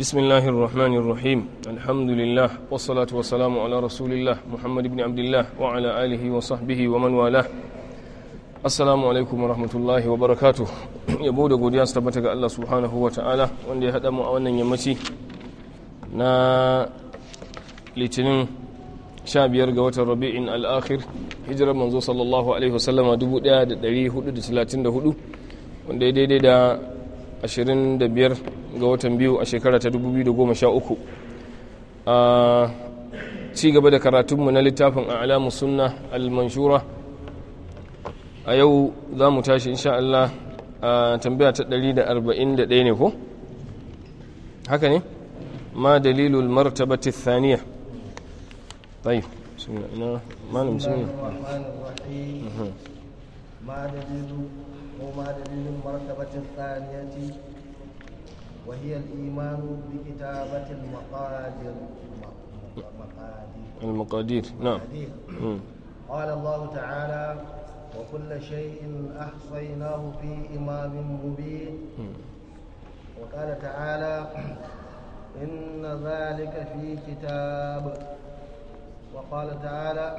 بسم الله الرحمن الرحيم الحمد لله والصلاة والسلام على رسول الله محمد بن عبد الله وعلى آله وصحبه ومن والاه assalamu alaikum wa ta'ala wanda ya haɗa mu a wannan yammaci na litinin 15 ga watan rabi'in al'akhir hijirar manzo sallallahu alaihi wasallama 1434 wanda ya daidai da 25 ga watan biyu a shekara ta 2013 a ci gaba da karatunmu na littafin alamu sunna al-manshura a yau za mu tashi insha Allah a tambaya ta 141 ne ko haka ne ma dalilul martabati thaniya طيب بسم الله ما نمسمي ما دليل منهما دليل المرتبة الثانية وهي الإيمان بكتابة المقادير يعني المقادير نعم قال الله تعالى وكل شيء أحصيناه في إمام مبين وقال تعالى إن ذلك في كتاب وقال تعالى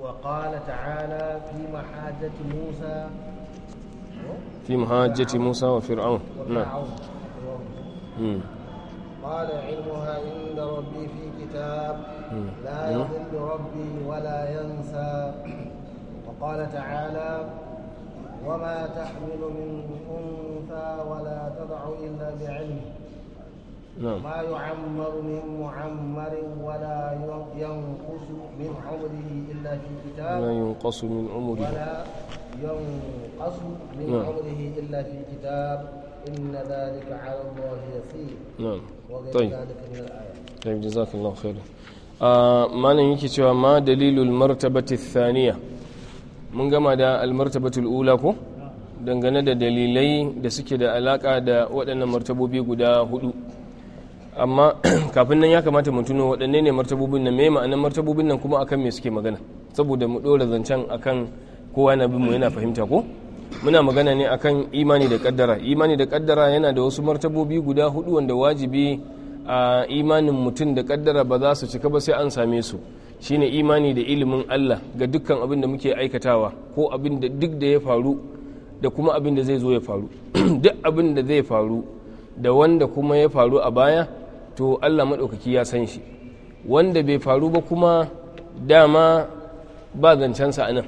وقال تعالى في محاجة موسى في محاجة موسى وفرعون نعم قال علمها عند ربي في كتاب لا يضل ربي ولا ينسى وقال تعالى وما تحمل من أنثى ولا تضع إلا بعلمه ما يعمر من معمر ولا ينقص من عمره إلا في كتاب لا ينقص من عمره ولا ينقص من عمره إلا في كتاب إن ذلك على الله يسير نعم طيب طيب جزاك الله خيرا malam yake cewa ma dalilul martabati thaniya mun gama da almartabatul ula ko dangane da dalilai da suke da alaka da waɗannan martabobi guda hudu amma kafin nan ya kamata mu tuno waɗanne ne martabobin nan me ma'anar martabobin nan kuma akan me suke magana saboda mu ɗora zancen akan kowa na bin mu yana fahimta ko muna magana ne akan imani da kaddara imani da kaddara yana da wasu martabobi guda hudu wanda wajibi a imanin mutum da kaddara ba za su cika ba sai an same su shine imani da ilimin Allah ga dukkan abin da muke aikatawa ko abin da duk da ya faru da kuma abin da zai zo ya faru duk abin da zai faru da wanda kuma ya faru a baya to allah maɗaukaki ya san shi wanda bai faru ba kuma dama ba zancensa a nan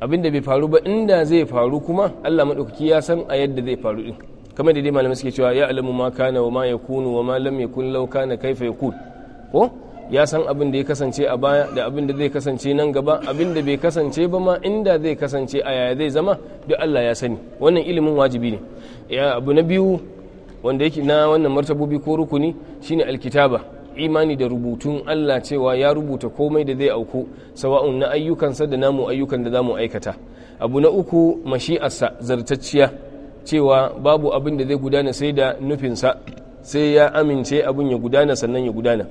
abinda bai faru ba inda zai faru kuma allah maɗaukaki ya san a yadda zai faru ɗin kamar da dai malamai suke cewa ya alamu ma kana wa ma ya kunu wa ma lam ya kun lauka na kaifa ya kun ko ya san abin da ya kasance a baya da abin da zai kasance nan gaba abin da bai kasance ba ma inda zai kasance a yaya zai zama duk allah ya sani wannan ilimin wajibi ne abu na biyu wanda yake na wannan martabobi ko rukuni shine alkitaba imani da rubutun Allah cewa ya rubuta komai da zai auku sawa'un na ayyukansa da namu ayyukan da zamu aikata abu na uku mashi'arsa zartacciya cewa babu abin da zai gudana sai da nufinsa sai ya amince abin ya gudana sannan ya gudana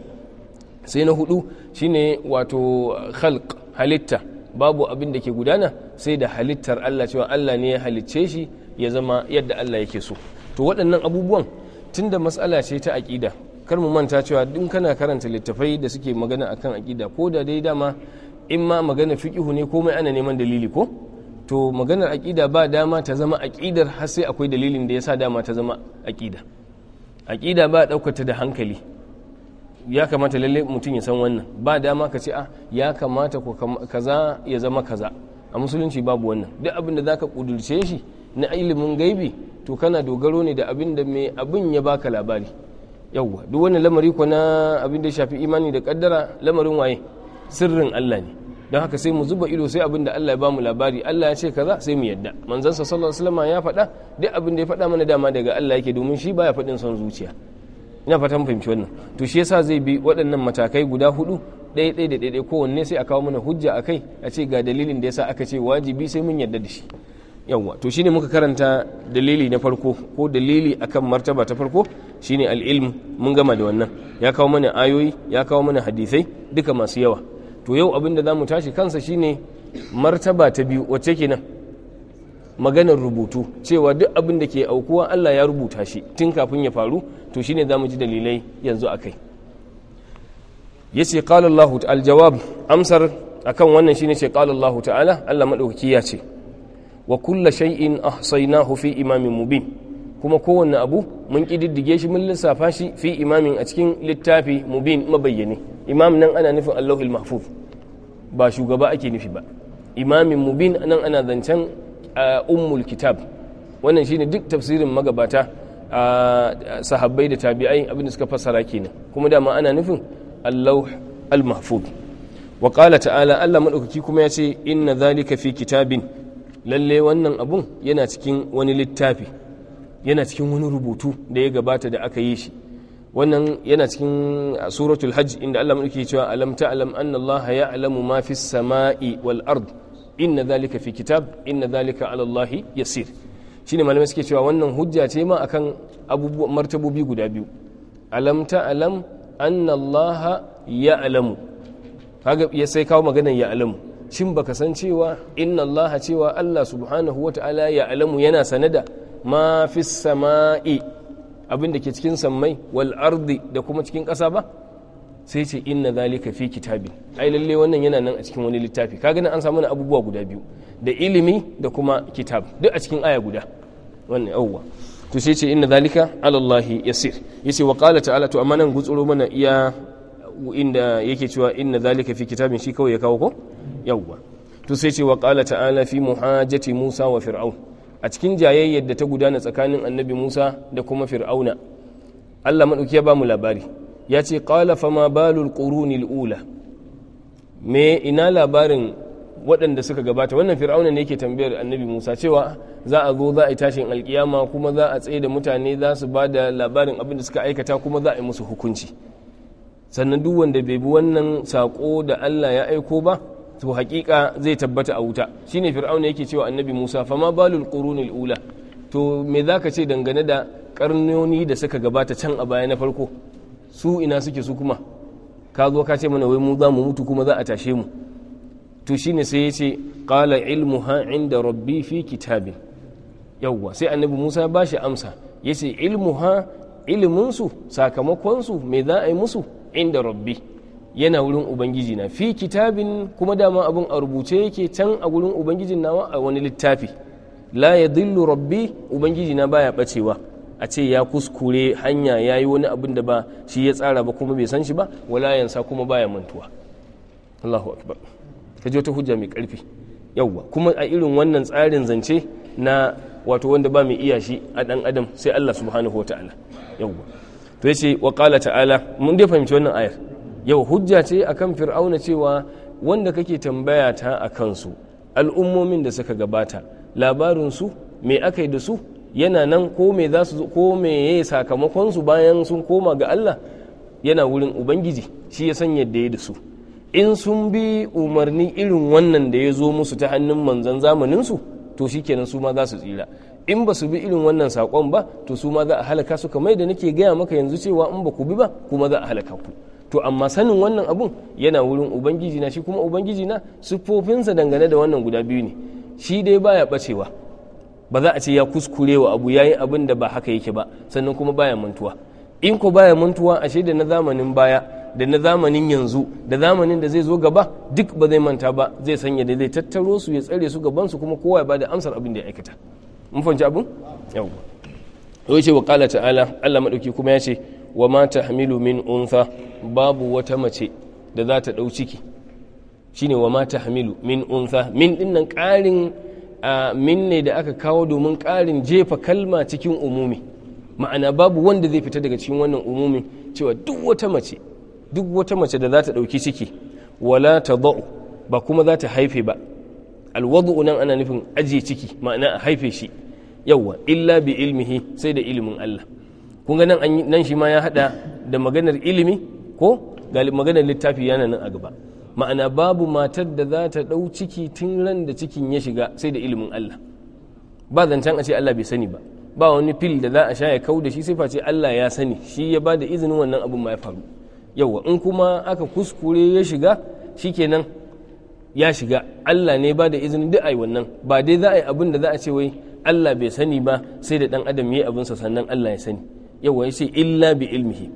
sai na hudu shine wato khalq halitta babu abin da ke gudana sai da halittar Allah cewa Allah ne ya halicce shi ya zama yadda Allah yake so to waɗannan abubuwan tunda matsala ce ta aƙida kar mu manta cewa duk kana karanta littafai da suke magana akan aƙida ko da dai dama in ma magana fiƙihu ne komai ana neman dalili ko to maganar aƙida ba dama ta zama aƙidar har sai akwai dalilin da yasa dama ta zama aƙida aƙida ba ɗaukata da hankali ya kamata lalle mutum ya san wannan ba dama ka ce a ah, ya kamata ko kaza ya zama kaza a musulunci babu wannan duk abin da za ka ƙudurce shi na ilimin gaibi to kana dogaro ne da abin da mai abin ya baka labari yawwa duk wani lamari ko na abin da shafi imani da kaddara lamarin waye sirrin Allah ne don haka sai mu zuba ido sai abin da Allah ya bamu labari Allah ya ce kaza sai mu yadda manzansa sallallahu alaihi wasallam ya faɗa duk abin da ya faɗa mana dama daga Allah yake domin shi baya faɗin son zuciya ina fatan fahimci wannan to shi yasa zai bi waɗannan matakai guda hudu ɗaya ɗaya da ɗaya kowanne sai a kawo mana hujja a kai a ce ga dalilin da yasa aka ce wajibi sai mun yadda da shi yawwa to shine muka karanta dalili na farko ko dalili akan martaba ta farko shine al-ilm mun gama da wannan ya kawo mana ayoyi ya kawo mana hadisai duka masu yawa to yau abin da zamu tashi kansa shine martaba ta biyu wacce kenan maganar rubutu cewa duk abin da ke aukuwa Allah ya rubuta shi tun kafin ya faru to shine zamu ji dalilai yanzu akai yace qala Allahu ta'al jawab amsar akan wannan shine ce qala Allahu ta'ala Allah madaukaki ya ce wa kulla shay'in ahsaynahu fi imamin mubin kuma kowanne abu mun kididdige shi mun lissafa shi fi imamin a cikin littafi mubin mabayyane imam nan ana nufin al mahfuz ba shugaba ake nufi ba imamin mubin nan ana zancen uh, ummul kitab wannan shine duk tafsirin magabata uh, sahabbai da tabi'ai abin da suka fassara kenan kuma dama ana nufin allah al mahfuz wa ta'ala allah maɗaukaki kuma ya ce inna zalika fi kitabin lalle wannan abun yana cikin wani littafi yana cikin wani rubutu da ya gabata da aka yi shi wannan yana cikin suratul hajj inda Allah mulki cewa alam ta'lam anna Allah ya'lamu ma fis sama'i wal ard inna dhalika fi kitab inna dhalika ala Allah yasir shine malamai suke cewa wannan hujja ce ma akan abubuwan martabobi guda biyu alam ta'lam anna Allah ya'lamu kaga sai kawo maganar ya'lamu shin baka san cewa inna Allah cewa Allah subhanahu ta'ala ya alamu yana sanada ma fi sama'i abin da ke cikin sammai wal ardi da kuma cikin ƙasa ba sai ce inna zalika fi kitabin ai lalle wannan yana nan a cikin wani littafi kaga nan an samu na abubuwa guda biyu da ilimi da kuma kitab duk a cikin aya guda wannan yawwa to sai ce inna zalika ala Allah yasir yace wa qala ta'ala to amma nan gutsuro mana iya inda yake cewa inna zalika fi kitabin shi kawai ya kawo ko yawwa to sai ce wa qala ta'ala fi muhajati musa wa fir'aun a cikin jayayyar da ta gudana tsakanin annabi musa da kuma fir'auna allah madauki ya ba mu labari ya ce qala ma balul qurunil ula me ina labarin waɗanda suka gabata wannan fir'auna ne yake tambayar annabi musa cewa za a zo za a yi tashin alkiyama kuma za a tsaye da mutane za su ba da labarin abin da suka aikata kuma za a yi musu hukunci sannan duk wanda bai bi wannan saƙo da Allah ya aiko ba to hakika zai tabbata a wuta shine fir'auna yake cewa annabi Musa fa ma balul qurunil ula to me zaka ce dangane da karnoni da suka gabata can a baya na farko su ina suke su kuma ka zo ka ce mana wai mu za mu mutu kuma za a tashe mu to shine sai ya ce qala ilmuha inda rabbi fi kitabin yawwa sai annabi Musa ba shi amsa yace ilmuha iliminsu sakamakonsu me za a yi musu inda rabbi yana wurin ubangiji na fi kitabin kuma dama abun a rubuce yake can a wurin ubangijin nawa a wani littafi la ya dillu rabbi ubangiji na baya bacewa a ce ya kuskure hanya ya yi wani abin da ba shi ya tsara ba kuma bai san shi ba wala yansa kuma baya mantuwa Allahu akbar ka ji wata hujja mai karfi yauwa kuma a irin wannan tsarin zance na wato wanda ba mai iya shi a dan adam sai Allah subhanahu wataala yauwa to yace wa qala ta'ala mun dai fahimci wannan ayar yau hujja ce akan fir'auna cewa wanda kake tambaya ta a kansu al'ummomin da suka gabata labarin su me aka yi da su yana nan ko me za su ko me sakamakon su bayan sun koma ga Allah yana wurin ubangiji shi ya san yadda ya da su in sun bi umarni irin wannan da ya zo musu ta hannun manzan su to shikenan su ma za su tsira in ba su bi irin wannan sakon ba to su ma za a halaka su kamar da nake gaya maka yanzu cewa in ba ku bi ba kuma za a halaka ku to amma sanin wannan abun yana wurin ubangiji na shi kuma ubangiji na siffofinsa dangane da wannan guda biyu ne shi dai baya bacewa ba za a ce ya kuskure wa abu yayin abin da ba haka yake ba sannan kuma baya mantuwa in ko baya mantuwa ashe da na zamanin baya da na zamanin yanzu da zamanin da zai zo gaba duk ba zai manta ba zai sanya da zai tattaro su ya tsare su gaban su kuma kowa ya bada amsar abin da ya aikata mun fahimci abun yawa yau wa kala ta'ala Allah maɗauki kuma ya ce wa ma ta hamilu min untha babu wata mace da za ta ɗau ciki shine wa ma ta hamilu min unsa min dinnan a min ne da aka kawo domin ƙarin jefa kalma cikin umumi ma'ana babu wanda zai fita daga cikin wannan umumi cewa duk wata mace duk wata mace da za ta ɗauki ciki wala ta ba kuma za ta haife ba alwadu nan ana nufin ajiye ciki ma'ana a haife shi yawwa illa bi ilmihi sai da ilimin Allah kun ga nan nan shi ma ya hada da maganar ilimi ko ga maganar littafi yana nan a gaba ma'ana babu matar da za ta ɗau ciki tun ran da cikin ya shiga sai da ilimin Allah ba zancen a ce Allah bai sani ba ba wani fil da za a sha ya kau da shi sai face Allah ya sani shi ya ba da izinin wannan abun ma ya faru yawwa in kuma aka kuskure ya shiga shikenan ya shiga Allah ne ba da izinin duk ai wannan ba dai za a yi abin da za a ce wai Allah bai sani ba sai da dan adam ya yi sa sannan Allah ya sani yawa ya ce illa bi ilmihi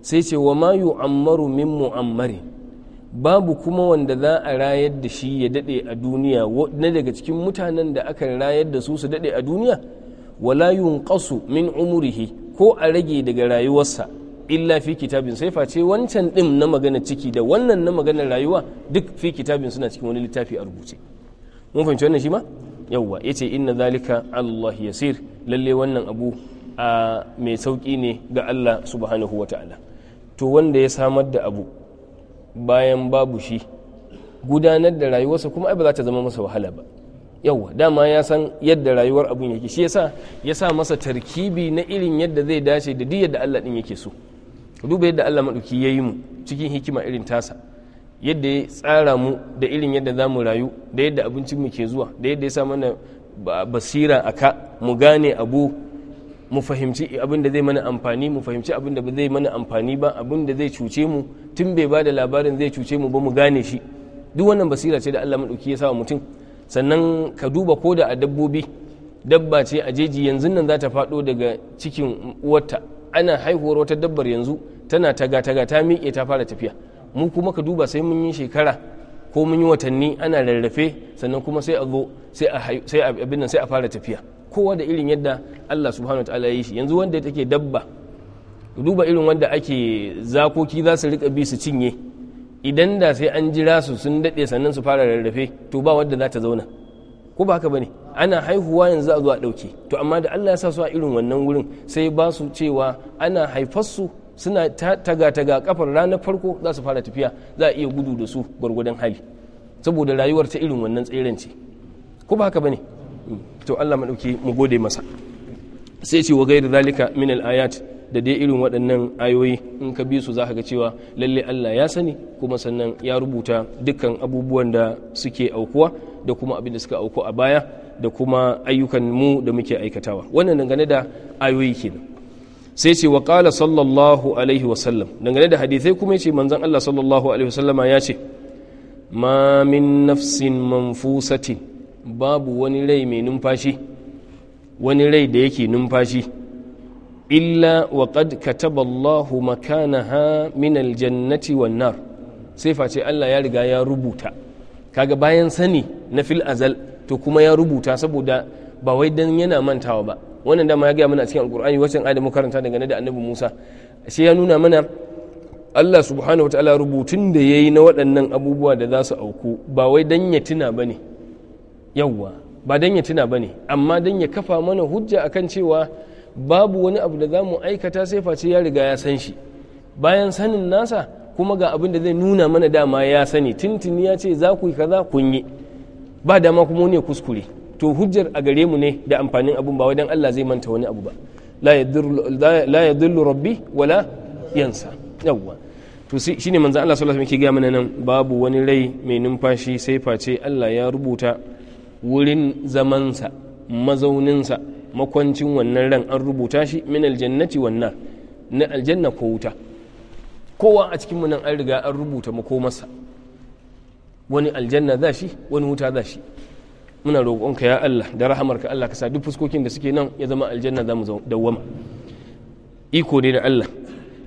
sai ce wa ma yu'ammaru min mu'ammari babu kuma wanda za a rayar da shi ya dade a duniya na daga cikin mutanen da aka rayar da su su dade a duniya wala yunqasu min umurihi ko a rage daga rayuwarsa illa fi kitabin sai face wancan din na magana ciki da wannan na magana rayuwa duk fi kitabin suna cikin wani littafi a rubuce mun fahimci wannan shi ma yawwa yace inna zalika Allah yasir lalle wannan abu a mai sauki ne ga Allah subhanahu wata'ala to wanda ya samar da abu bayan babu shi gudanar da rayuwarsa kuma ai ba za ta zama masa wahala ba yauwa dama ya san yadda rayuwar abun yake shi yasa ya sa masa tarkibi na irin yadda zai dace da duk yadda Allah din yake so duba yadda Allah maɗauki ya yi mu cikin hikima irin tasa yadda ya tsara mu da irin yadda za mu rayu da yadda abincin mu ke zuwa da yadda ya sa mana basira a ka mu gane abu mu fahimci abin da zai mana amfani mu fahimci abin da zai mana amfani ba abin da zai cuce mu tun bai ba da labarin zai cuce mu ba mu gane shi duk wannan basira ce da Allah maɗauki ya sa wa mutum sannan ka duba ko da a dabbobi dabba ce a jeji yanzu nan za ta faɗo daga cikin uwarta ana haihuwar wata dabbar yanzu tana taga taga ta miƙe ta fara tafiya mu kuma ka duba sai mun yi shekara ko mun yi watanni ana rarrafe sannan kuma sai a zo sai abin nan sai a fara tafiya kowa da irin yadda Allah subhanahu wa ta'ala ya yi shi yanzu wanda take dabba duba irin wanda ake zakoki za su rika bi su cinye idan da sai an jira su sun daɗe sannan su fara rarrafe to ba wanda za ta zauna ko ba haka bane ana haihuwa yanzu a zuwa ɗauke to amma da Allah ya sa su a irin wannan wurin sai ba su cewa ana haifarsu suna taga taga kafar ranar farko za su fara tafiya za a iya gudu da su gwargwadon hali saboda rayuwar ta irin wannan tseren ce ko ba haka bane hmm. to Allah madauki mu gode masa sai ce wa da zalika min al-ayat da dai irin waɗannan ayoyi in ka bi su za ka ga cewa lalle Allah ya sani kuma sannan ya rubuta dukkan abubuwan da suke aukuwa da kuma abin da suka auku a baya da kuma ayyukan mu da muke aikatawa wannan dangane da ayoyi kenan sai ce wa ƙala sallallahu alaihi wasallam dangane da hadithai kuma ya ce manzan Allah sallallahu alaihi wasallama ya ce ma min nafsin manfusatin babu wani rai mai numfashi wani rai da yake numfashi illa wa qad kataba Allahu makanaha min aljannati wan nar sai face Allah ya riga ya rubuta kaga bayan sani na fil azal to kuma ya rubuta saboda ba wai dan yana mantawa ba wannan dama ya gaya mana a cikin alkur'ani wacin adamu karanta dangane da annabi musa sai ya nuna mana allah subhanahu wa ta'ala rubutun da ya yi na waɗannan abubuwa da za su auku ba wai dan ya tuna ba ne yawwa ba dan ya tuna ba ne amma dan ya kafa mana hujja akan cewa babu wani abu da za mu aikata sai face ya riga ya san shi bayan sanin nasa kuma ga abin da zai nuna mana dama ya sani tintini ya ce za ku yi kaza kun yi ba dama kuma ya kuskure to hujjar a gare mu ne da amfanin abun ba wajen Allah zai manta wani abu ba la yadullu rabbi wala yansa yawwa to shine manzon Allah sallallahu alaihi wasallam gaya mana nan babu wani rai mai numfashi sai face Allah ya rubuta wurin zamansa mazauninsa makwancin wannan ran an rubuta shi min aljannati wannan na aljanna ko wuta kowa a cikin mu nan an riga an rubuta masa wani aljanna za shi wani wuta za shi muna roƙonka ya Allah da rahamarka Allah ka sa duk fuskokin da suke nan ya zama aljanna za mu dawwama iko ne da Allah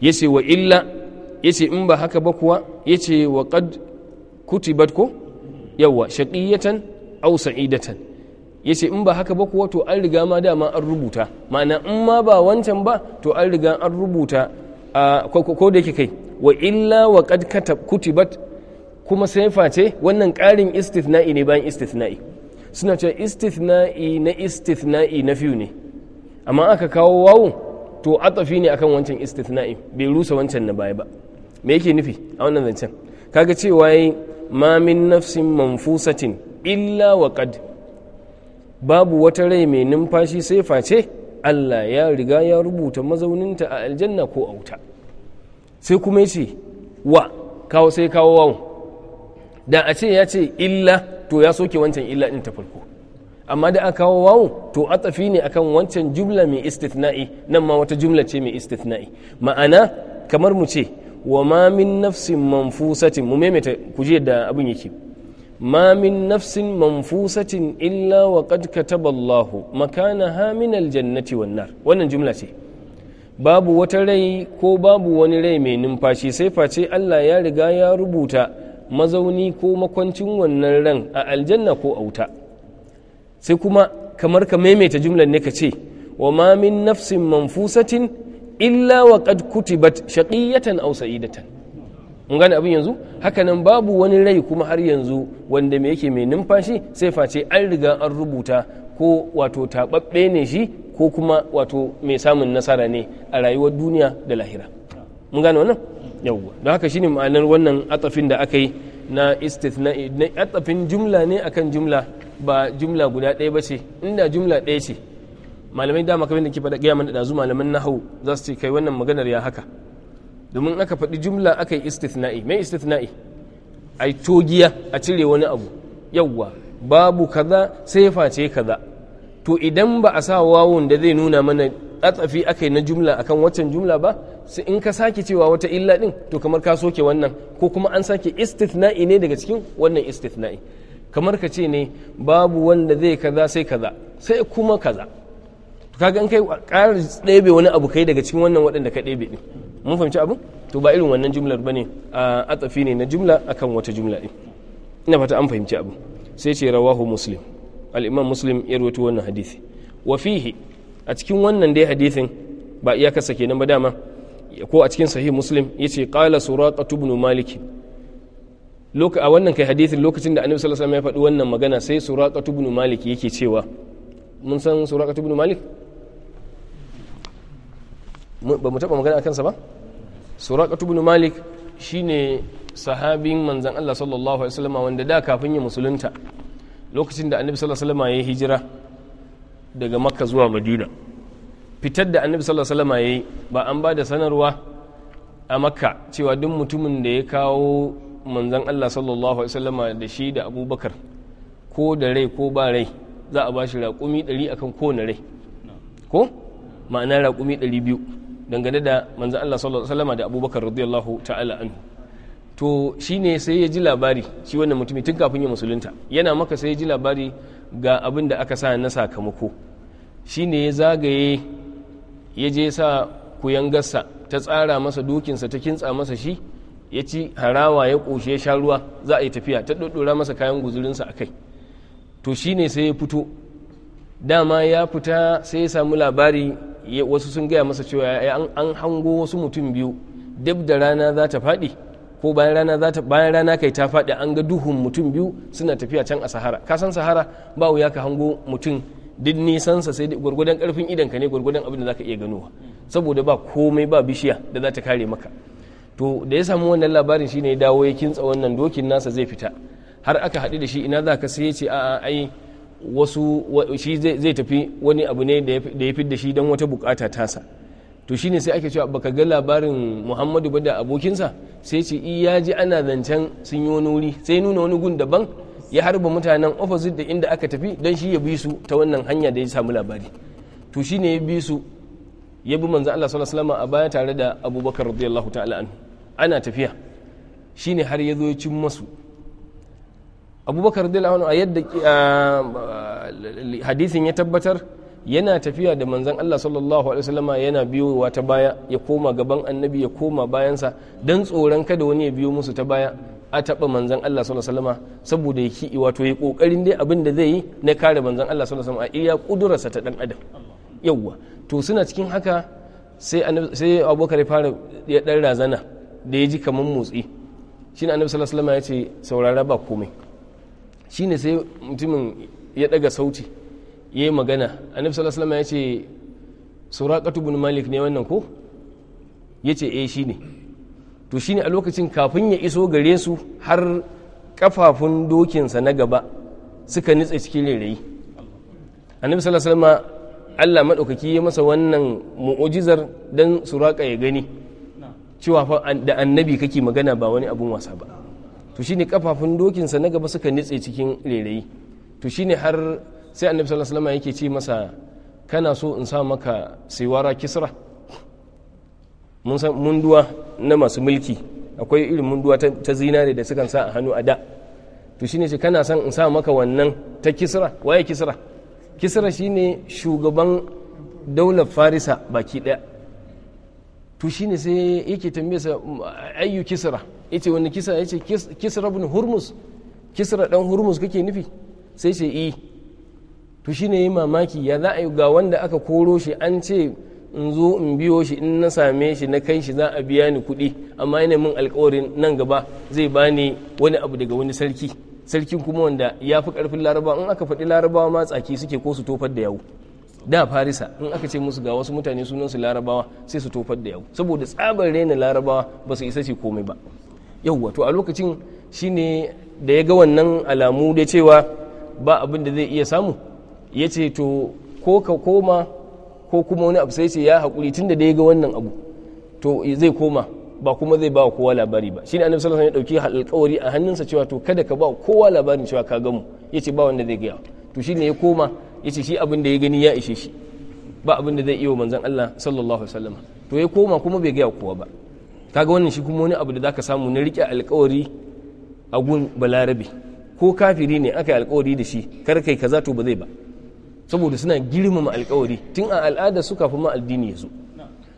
ya ce wa illa ya in ba haka ba kuwa ya ce wa qad kutibat ko yawa shaqiyatan aw sa'idatan ya ce in ba haka ba kuwa to an riga ma dama an rubuta ma'ana in ma ba wancan ba to an riga an rubuta ko da yake kai wa illa wa qad kutibat kuma sai face wannan ƙarin istithna'i ne bayan istithna'i suna cewa istithna'i na istithna'i na fiyu ne amma aka kawo wawu to atafi ne akan wancan istithna'i bai rusa wancan na baya ba me yake nufi a wannan zancen kaga cewa ma min nafsin manfusatin illa wa qad babu wata rai mai numfashi sai face Allah ya riga ya rubuta mazauninta a aljanna ko a wuta sai kuma ce wa kawo sai kawo wawan da a ce ya ce illa to ya soke wancan illa ɗin ta farko amma da aka kawo wawu to a atsafi ne akan wancan jumla mai istithna'i nan ma wata jumla ce mai istithna'i ma'ana kamar mu ce wa ma min nafsin manfusatin mu maimaita ku da abin yake ma min nafsin manfusatin illa wa qad kataballahu makana min aljannati wannan jumla ce babu wata rai ko babu wani rai mai numfashi sai face Allah ya riga ya rubuta mazauni ko makwancin wannan ran a aljanna ko a wuta sai kuma kamar ka maimaita jumlar ne ka ce wa ma min nafsin manfusatin illa wa qad kutibat shaqiyatan aw sa'idatan mun gane abin yanzu hakanan babu wani rai kuma har yanzu wanda me yake mai numfashi sai face an riga an rubuta ko wato taɓaɓɓe ne shi ko kuma wato mai samun nasara ne a rayuwar duniya da lahira mun gane wannan yawwa don haka shine ma'anar wannan atafin da aka yi na istithna atafin jumla ne akan jumla ba jumla guda ɗaya ba ce inda jumla ɗaya ce malamai dama kamar da ke faɗa gaya mana ɗazu malaman nahu za su ce kai wannan maganar ya haka domin aka faɗi jumla aka yi istithna'i mai istithna'i ai togiya a cire wani abu yawwa babu kaza sai face kaza to idan ba a sa wawun da zai nuna mana atsafi aka yi na jumla akan waccan jumla ba sai in ka sake cewa wata illa din to kamar ka soke wannan ko kuma an sake istithna'i ne daga cikin wannan istithna'i kamar ka ce ne babu wanda zai kaza sai kaza sai kuma kaza kaga in kai ƙara ɗebe wani abu kai daga cikin wannan waɗanda ka ɗebe ɗin mun fahimci abin to ba irin wannan jumlar bane a atafi ne na jumla akan wata jumla din ina fata an fahimci abin sai ce rawahu muslim al-imam muslim ya rawaito wannan hadisi wa fihi a cikin wannan dai hadisin ba iyakarsa kenan ba dama ko a cikin sahih muslim yace qala suraqatu ibn malik loka a wannan kai hadisin lokacin da annabi sallallahu alaihi wasallam ya faɗi wannan magana sai suraqatu ibn malik yake cewa mun san suraqatu ibn malik ba mu taba magana a kansa ba suraqatu ibn malik shine sahabin manzan Allah sallallahu alaihi wasallam wanda da kafin ya musulunta lokacin da annabi sallallahu alaihi wasallam ya hijira daga makka zuwa madina fitar da annabi sallallahu alaihi wasallam yayi ba an ba da sanarwa a makka cewa duk mutumin da ya kawo manzan Allah sallallahu alaihi wasallam da shi da abubakar ko da rai ko ba rai za a ba shi raƙumi ɗari akan kowane rai ko ma'ana raƙumi ɗari biyu dangane da manzan Allah sallallahu alaihi da Abubakar radiyallahu ta'ala anhu to shine sai ya ji labari shi wannan mutumi tun kafin ya musulunta yana maka sai ya ji labari ga abin da aka sa na sakamako shine ya zagaye ya je sa kuyangarsa ta tsara masa dokinsa ta kintsa masa shi ya ci harawa ya ƙoshe sha ruwa za a yi tafiya ta ɗaɗɗora masa kayan guzurinsa a kai to shine sai ya fito dama ya fita sai ya samu labari wasu sun gaya masa cewa an hango wasu mutum biyu dab da rana za ta faɗi ko bayan rana za ta bayan rana kai ta faɗi an ga duhun mutum biyu suna tafiya can a sahara ka san sahara ba wuya ka hango mutum duk nisansa sai gwargwadon karfin idanka ne gwargwadon abin da za iya ganowa saboda ba komai ba bishiya da za ta kare maka to da ya samu wannan labarin shine ya dawo ya kintsa wannan dokin nasa zai fita har aka haɗu da shi ina za ka sai ya ce a'a ai wasu shi zai tafi wani abu ne da ya fi da shi don wata bukata tasa to shine sai ake cewa baka ga labarin muhammadu ba da abokinsa sai ce iya ji ana zancen sun yi wani wuri sai nuna wani gun daban ya harba mutanen opposite da inda aka tafi don shi ya bi su ta wannan hanya da ya samu labari to shine ya bi su ya bi manzo Allah sallallahu alaihi wasallam a baya tare da Abubakar radiyallahu ta'ala anhu ana tafiya shine har ya zo ya cin masu abubakar radiyallahu a yadda hadisin ya tabbatar yana tafiya da manzon Allah sallallahu alaihi wasallama yana biyowa ta baya ya koma gaban annabi ya koma bayansa dan tsoron kada wani ya biyo musu ta baya a taɓa manzon Allah sallallahu alaihi wasallama saboda ya ki wato ya kokarin dai abin da zai yi na kare manzon Allah sallallahu alaihi wasallama a iya kudurarsa ta dan adam yawwa to suna cikin haka sai sai abubakar ya fara ya dan razana da ya ji kaman motsi shine annabi sallallahu alaihi wasallama ya ce saurara ba komai shine sai mutumin ya daga sauti ya yi magana annabi sallallahu alaihi ya ce suraqatu bin malik ne wannan ko ya ce eh shine to shine a lokacin kafin ya iso gare su har kafafun dokinsa na gaba suka nitse cikin rairayi annabi sallallahu alaihi wasallam Allah maɗaukaki ya masa wannan mu'ujizar dan suraka ya gani cewa da annabi kake magana ba wani abun wasa ba to shine kafafun dokinsa na gaba suka nitse cikin rairayi to shine har sai annabi sallallahu alaihi wasallam yake ce masa kana so in sa maka siwara kisra mun san munduwa na masu mulki akwai irin munduwa ta zinare da sukan sa a hannu a da to shine ce kana son in sa maka wannan ta kisra waye kisra kisra shine shugaban daular farisa baki daya to shine sai yake tambayarsa ayyu kisra yace wani kisa yace kisra ibn hurmus kisra dan hurmus kake nufi sai ce i eh. to shine yi mamaki ya za a yi ga wanda aka koro shi an ce in zo in biyo shi in na same shi na kai shi za a biya ni kuɗi amma yana min alkawarin nan gaba zai bani wani abu daga wani sarki sarki kuma wanda ya fi ƙarfin larabawa in aka faɗi larabawa ma tsaki suke ko su tofar da yawu da farisa in aka ce musu ga wasu mutane sunansu larabawa sai su tofar da yawu saboda tsabar raina larabawa ba su isa ce komai ba yawwa to a lokacin shine da ya ga wannan alamu da cewa ba abin da zai iya samu ya ce to ko ka koma ko kuma wani abu sai ce ya haƙuri tun da ya ga wannan abu to zai koma ba kuma zai ba kowa labari ba shine annabi sallallahu alaihi wasallam ya dauki alƙawari a hannunsa cewa to kada ka ba kowa labarin cewa ka gamu ya ce ba wanda zai gaya to shine ya koma ya ce shi abin da ya gani ya ishe shi ba abin da zai iya manzon Allah sallallahu alaihi wasallam to ya koma kuma bai gaya kowa ba kaga wannan shi kuma wani abu da zaka samu na rike alkawari a gun balarabe ko kafiri ne aka yi alkawari da shi kar kai kaza to ba zai ba saboda suna girmama alkawari tun a al'ada su kafin ma addini ya to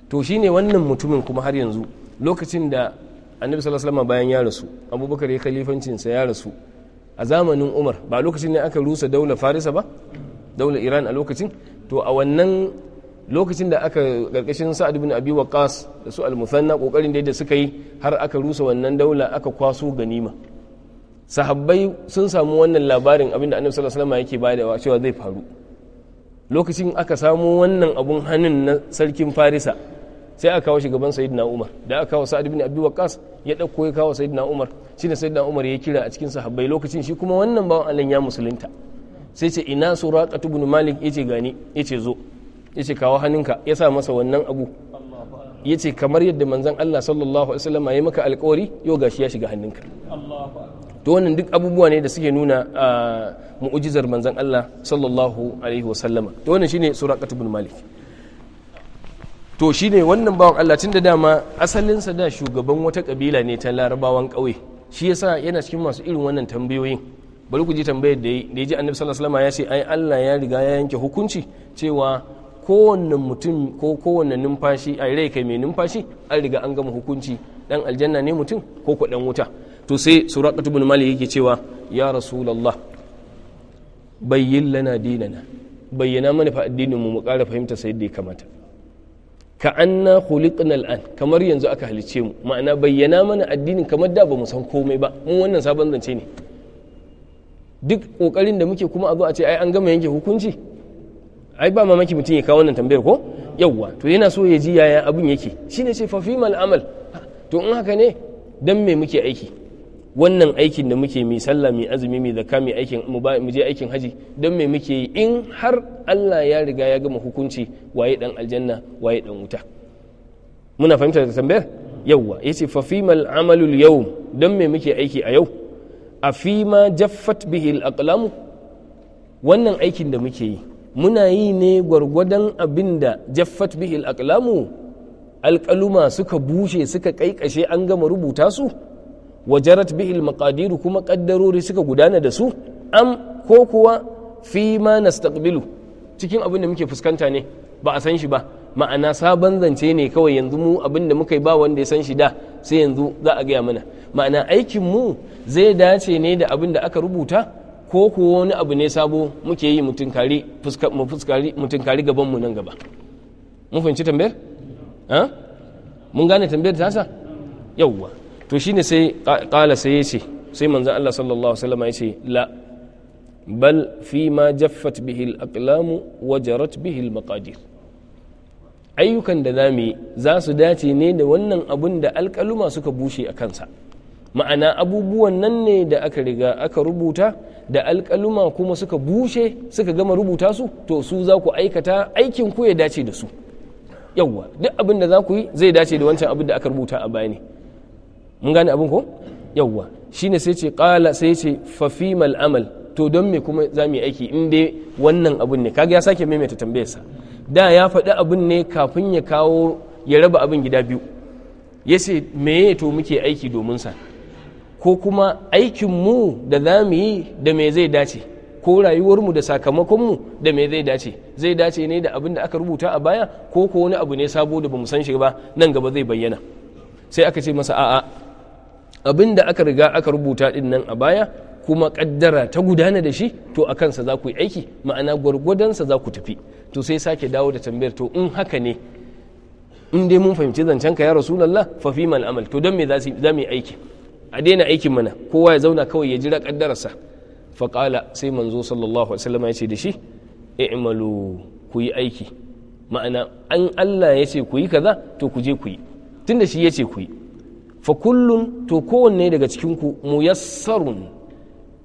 to ne wannan mutumin kuma har yanzu lokacin da annabi sallallahu bayan ya rasu abubakar ya khalifancin sa ya rasu a zamanin umar ba lokacin ne aka rusa daular farisa ba daular iran a lokacin to a wannan lokacin da aka karkashin sa'ad bin abi waqas da su al muthanna kokarin da suka yi har aka rusa wannan daula aka kwaso ganima sahabbai sun samu wannan labarin da annabi sallallahu alaihi wasallam yake bayarwa cewa zai faru lokacin aka samu wannan abun hannun na sarkin farisa sai aka kawo shugaban sayyidina umar da aka kawo sa'ad bin abi waqas ya dauko ya kawo sayyidina umar shine sayyidina umar ya kira a cikin sahabbai lokacin shi kuma wannan bawan Allah ya musulunta sai ce ina suraqatu bin malik yace gani yace zo ya ce kawo hannunka ya sa masa wannan abu ya ce kamar yadda manzan Allah sallallahu alaihi wasallam ya maka alkawari yau gashi ya shiga hannunka to wannan duk abubuwa ne da suke nuna mu'ujizar manzan Allah sallallahu alaihi wasallama to wannan shine suraqatu bin malik to shine wannan bawan Allah tun da dama asalinsa da shugaban wata kabila ne ta larabawan ƙauye shi yasa yana cikin masu irin wannan tambayoyin bari ku ji tambayar da ya ji annabi sallallahu alaihi wasallama ya ce ai Allah ya riga ya yanke hukunci cewa kowanne mutum ko kowanne numfashi a rai kai mai numfashi an riga an gama hukunci dan aljanna ne mutum ko ko dan wuta to sai suraqatu ibn malik yake cewa ya rasulullah bayyin lana dinana bayyana mana fa addinin mu mu ƙara fahimta sai da ya kamata ka anna khuliqna al'an kamar yanzu aka halice mu ma'ana bayyana mana addinin kamar da bamu san komai ba mun wannan sabon zance ne duk kokarin da muke kuma a zo a ce ai an gama yanke hukunci ai ba mamaki mutum ya kawo wannan tambayar ko yawwa to yana so ya ji yaya abin yake shine ce fa fi mal amal to in haka ne dan me muke aiki wannan aikin da muke mai sallah mai azumi mai zakka mi aikin mu je aikin haji don me muke yi in har Allah ya riga ya gama hukunci waye dan aljanna waye dan wuta muna fahimta da tambayar yawwa yace fa fimal amalul yawm don me muke aiki a yau afima jaffat bihi al wannan aikin da muke yi muna yi ne gwargwadon abin da jaffat bihil aklamu alƙaluma suka bushe suka ƙaiƙashe an gama rubuta su wajarat bihil maqadiru kuma kaddarori suka gudana da su am ko kuwa fi ma nastaqbilu cikin abin da muke fuskanta ne ba a san shi ba ma'ana sabon zance ne kawai yanzu mu abin da muka yi ba wanda ya san shi da sai yanzu za a gaya mana ma'ana aikin mu zai dace ne da abin da aka rubuta ko kuwa wani abu ne sabo muke yi mutunkari mu nan gaba mun fahimci tambayar? mun gane tambayar ta sa yauwa to shi sai qala sai ce sai manzan Allah sallallahu Alaihi ya ce la bal fi ma jaffat bihil aqlamu wa jarat bihil maqadir ayyukan da za mu za su dace ne da wannan abun da alƙaluma suka bushe a kansa ma'ana abubuwan nan ne da aka riga aka rubuta da alkaluma kuma suka bushe suka gama rubuta su to su za ku aikata aikin ku ya dace da su yawwa duk abin da za ku yi zai dace da wancan abin da aka rubuta a baya ne mun gane abin ko yawwa shine sai ce qala sai ce fa mal amal to don me kuma za mu yi aiki in dai wannan abin ne kaga ya sake maimaita tambayarsa da ya faɗi abin ne kafin ya kawo ya raba abin gida biyu yace ce meye to muke aiki domin sa ko kuma aikinmu da za mu yi da me zai dace ko rayuwarmu da sakamakonmu da me zai dace zai dace ne da abin da aka rubuta a baya ko ko wani abu ne sabo da bamu san shi ba nan gaba zai bayyana sai aka ce masa a'a abin da aka riga aka rubuta din nan a baya kuma kaddara ta gudana da shi to a kansa za ku yi aiki ma'ana gwargwadonsa za ku tafi to sai sake dawo da tambayar to in haka ne in dai mun fahimci zancen ka ya rasulallah fa fi mal amal to don me za mu yi aiki a daina aikin mana kowa ya zauna kawai ya jira kaddararsa faƙala sai manzo sallallahu alaihi wasallam ya ce da shi i'malu ku yi aiki ma'ana an Allah ya ce ku yi kaza to ku je ku yi tunda shi ya ce ku yi fa kullun to kowanne daga cikin ku muyassarun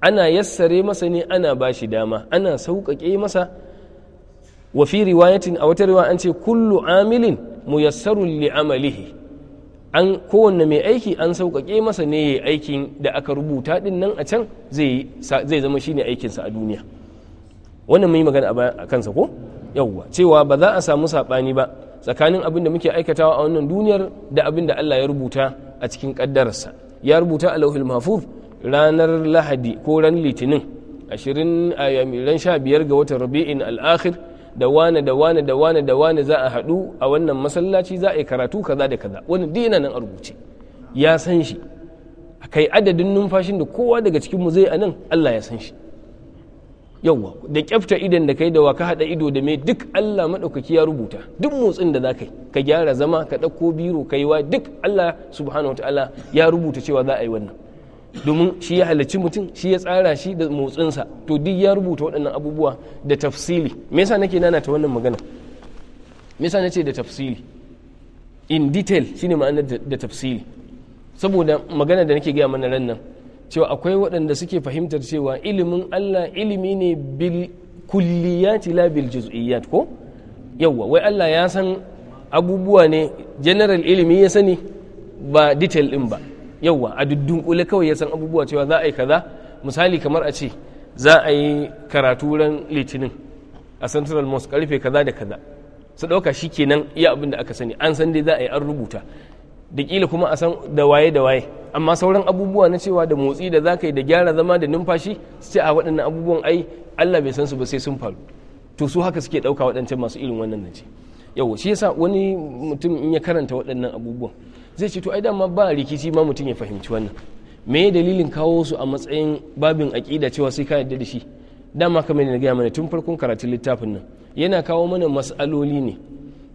ana yassare masa ne ana bashi dama ana sauƙaƙe masa wa fi riwayatin a wata riwaya an ce kullu amilin muyassarun li amalihi an kowanne mai aiki an sauƙaƙe masa ne ya aikin da aka rubuta ɗin nan a can zai zama shine aikinsa a duniya wannan mai magana a kansa ko yawwa cewa ba za a samu saɓani ba tsakanin abin da muke aikatawa a wannan duniyar da abin da Allah ya rubuta a cikin ƙaddararsa ya rubuta a lauhul mahfuz ranar lahadi ko ran litinin ashirin a sha biyar ga watan rabi'in al'akhir da wane da wane da wane da wane za a haɗu a wannan masallaci za a yi karatu kaza da kaza wani duk yana nan a rubuce ya san shi kai adadin numfashin da kowa daga cikin mu zai a nan Allah ya san shi yawwa da kyafta idan da kai da wa ka haɗa ido da mai duk Allah maɗaukaki ya rubuta duk motsin da za ka yi ka gyara zama ka ɗauko biro ka duk Allah subhanahu wa ta'ala ya rubuta cewa za a yi wannan domin shi ya halarci mutum shi ya tsara shi da motsinsa to duk ya rubuta waɗannan abubuwa da tafsili me yasa nake nana ta wannan magana me yasa nace da tafsili in detail shine ma'anar da tafsili saboda magana da nake gaya mana ran nan cewa akwai waɗanda suke fahimtar cewa ilimin Allah ilimi ne bil kulliyati la bil juz'iyat ko yawwa wai Allah ya san abubuwa ne general ilimi ya sani ba detail din ba yauwa a kula kawai ya san abubuwa cewa za a yi kaza misali kamar a ce za a yi karatu ran litinin a central mosque karfe kaza da kaza su ɗauka shi kenan iya abin da aka sani an san dai za a yi an rubuta da kila kuma a san da waye da waye amma sauran abubuwa na cewa da motsi da za ka yi da gyara zama da numfashi su ce a waɗannan abubuwan ai allah bai san su ba sai sun faru to su haka suke ɗauka waɗancan masu irin wannan nace yau shi yasa wani mutum in ya karanta waɗannan abubuwan zai ce to ai dama ba rikici ma mutum ya fahimci wannan me dalilin kawo su a matsayin babin aƙida cewa sai ka yarda da shi dama kamar yana na gaya mana tun farkon karatun littafin nan yana kawo mana mas'aloli ne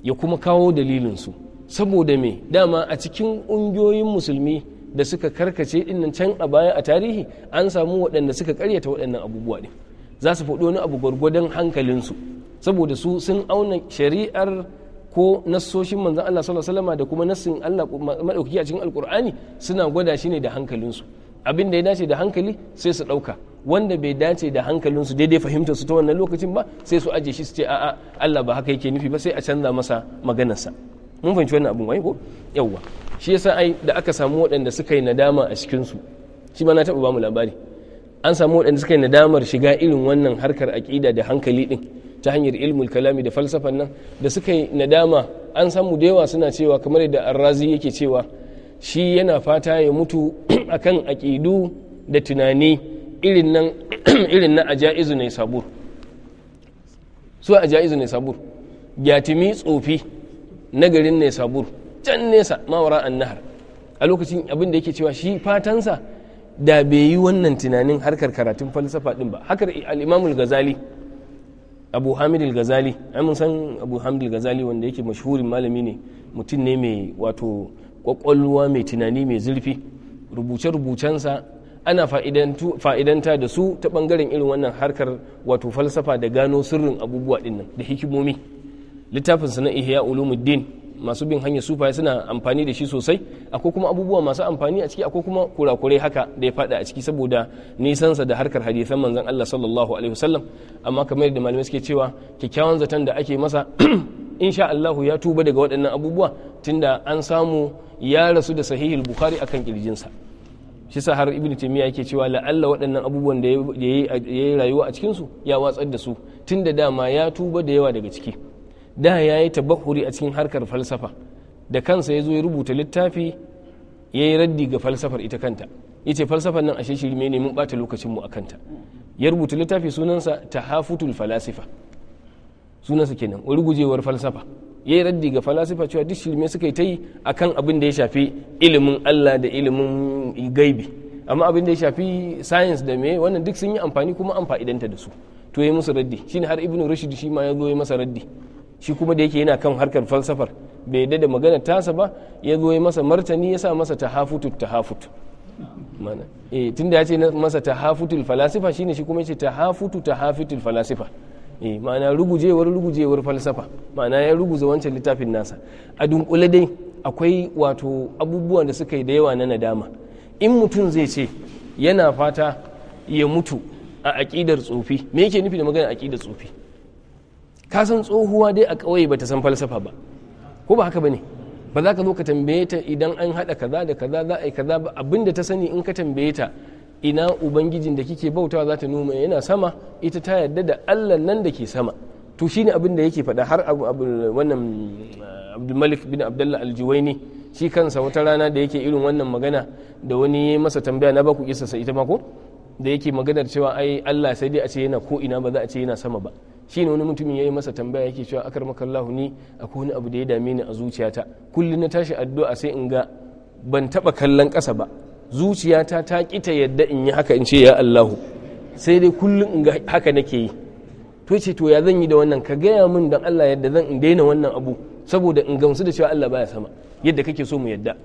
ya kuma kawo dalilin su saboda me dama a cikin ƙungiyoyin musulmi da suka karkace dinnan can a baya a tarihi an samu waɗanda suka karyata waɗannan abubuwa ɗin za su faɗi wani abu gwargwadon hankalinsu saboda su sun auna shari'ar ko nassoshin manzon Allah sallallahu alaihi wasallam da kuma nassin Allah madauki a cikin alkur'ani suna gwada shi ne da hankalinsu abin da ya dace da hankali sai su ɗauka wanda bai dace da hankalinsu daidai fahimtar su ta wannan lokacin ba sai su aje shi su ce a'a Allah ba haka yake nufi ba sai a canza masa maganarsa mun fahimci wannan abin wai ko yawwa shi yasa ai da aka samu waɗanda suka yi nadama a cikin su shi ma na taɓa ba mu labari an samu waɗanda suka yi nadamar shiga irin wannan harkar aƙida da hankali ɗin ta hanyar ilmul kalami da falsafan nan da suka yi nadama an samu da yawa suna cewa kamar yadda arrazi yake cewa shi yana fata ya mutu akan aƙidu da tunani irin na ajaizu ne sabur su ajaizu ne sabur gyatimi tsofi na garin ne sabur can nesa mawara an nahar a lokacin abin da yake cewa shi fatansa da bai yi wannan tunanin harkar karatun falsafa din ba hakar al-imamul ghazali abu hamid al gazali ai mun san abu hamid al gazali wanda yake mashhurin malami ne mutum ne mai wato kwakwalwa mai tunani mai zurfi rubuce-rubucensa ana fa'idanta da su ta ɓangaren irin wannan harkar wato falsafa da gano sirrin abubuwa dinnan da hikimomi littafinsa na ihya ulumuddin masu bin hanyar sufaye suna amfani da shi sosai akwai kuma abubuwa masu amfani a ciki akwai kuma kurakurai haka da ya fada a ciki saboda nisansa da harkar hadisan manzon Allah sallallahu alaihi wasallam amma kamar yadda malamai suke cewa kyakkyawan zaton da ake masa insha Allah ya tuba daga waɗannan abubuwa tunda an samu ya rasu da sahihul bukhari akan kirjinsa shi sa har ibnu taymiya yake cewa la'alla waɗannan abubuwan da yayi rayuwa a cikin su ya watsar da su tunda dama ya tuba da yawa daga ciki da ya yi tabahuri a cikin harkar falsafa da kansa ya zo ya rubuta littafi ya yi raddi ga falsafar ita kanta ya ce falsafar nan ashe shirme ne mun bata lokacinmu a kanta ya rubuta littafi sunansa ta hafutul falasifa sunansa kenan wani gujewar falsafa ya yi raddi ga falasifa cewa duk shirme suka yi ta yi a kan abin da ya shafi ilimin allah da ilimin gaibi amma abin da ya shafi science da me wannan duk sun yi amfani kuma an fa'idanta da su to ya musu raddi shine har ibnu rushd shi ma ya zo ya masa raddi shi kuma da yake yana kan harkar falsafar bai dada da magana tasa ba ya zo masa martani ya sa masa ta hafutu mana eh tunda ya ce masa hafutu falasifa shine shi kuma ya ce ta hafutu falasifa eh ma'ana rugujewar rugujewar falsafa ma'ana ya ruguza wancan littafin nasa a dunkule dai akwai wato abubuwan da suka yi da yawa na nadama in mutum zai ce yana fata ya mutu a aƙidar tsofi me yake nufi da magana aƙidar tsofi ka san tsohuwa dai a ƙauye ba ta san falsafa ba ko ba haka ba ne ba za ka zo ka tambaye ta idan an haɗa kaza da kaza za a yi kaza ba Abinda ta sani in ka tambaye ta ina ubangijin da kike bautawa za ta nuna yana sama ita ta yarda da allah nan da ke sama to shine abin da yake faɗa har abu wannan eh, abdulmalik bin abdullah aljuwaini shi kansa wata rana da yake irin wannan magana da wani masa tambaya na baku isa sa ita mako da yake maganar cewa ai allah sai dai a ce yana ko ina ba za a ce yana sama ba shine wani mutumin ya yi masa tambaya yake cewa akar makallahu ni akwai wani abu da ya dame ni a zuciyata kullum na tashi addu'a sai in ga ban taba kallon ƙasa ba zuciyata ta ki ta yadda in yi haka in ce ya Allahu sai dai kullum in ga haka nake yi to ce to ya zan yi da wannan ka gaya min dan Allah yadda zan in daina wannan abu saboda in gamsu da cewa Allah baya sama yadda kake so mu yadda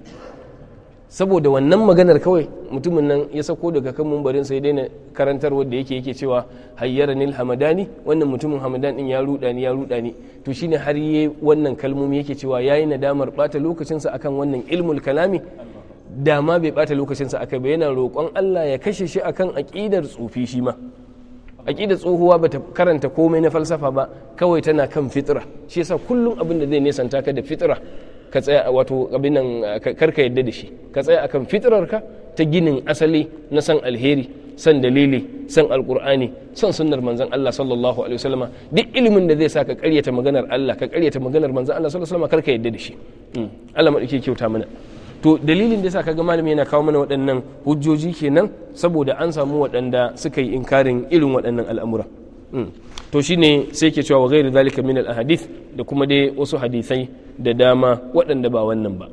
saboda wannan maganar kawai mutumin nan ya sako daga kan mumbarin sai daina karantar wadda yake yake cewa hayyara nil hamadani wannan mutumin hamadan din ya ruda ni ya ruda ni to shine har yi wannan kalmomi yake cewa yayi nadamar bata lokacinsa akan wannan ilmul kalami da ma bai bata lokacinsa akai ba yana roƙon Allah ya kashe shi akan aqidar tsufi shi ma aqidar tsohuwa bata karanta komai na falsafa ba kawai tana kan fitra shi yasa kullum abin da zai nesanta ka da fitra ka tsaya wato abin nan karka yadda da shi ka tsaya akan fitrarka ta ginin asali na san alheri san dalili san alkur'ani san sunnar manzon Allah sallallahu alaihi wasallama duk ilimin da zai sa ka ƙaryata maganar Allah ka ƙaryata maganar manzon Allah sallallahu alaihi wasallama karka yadda da shi mm. Allah madauke kyauta mana to dalilin da yasa kaga malami yana kawo mana waɗannan hujjoji kenan saboda an samu waɗanda suka yi inkarin irin waɗannan al'amura mm. to shine sai ke cewa wa ghairi zalika min al ahadith da kuma dai wasu hadisai da dama waɗanda ba wannan ba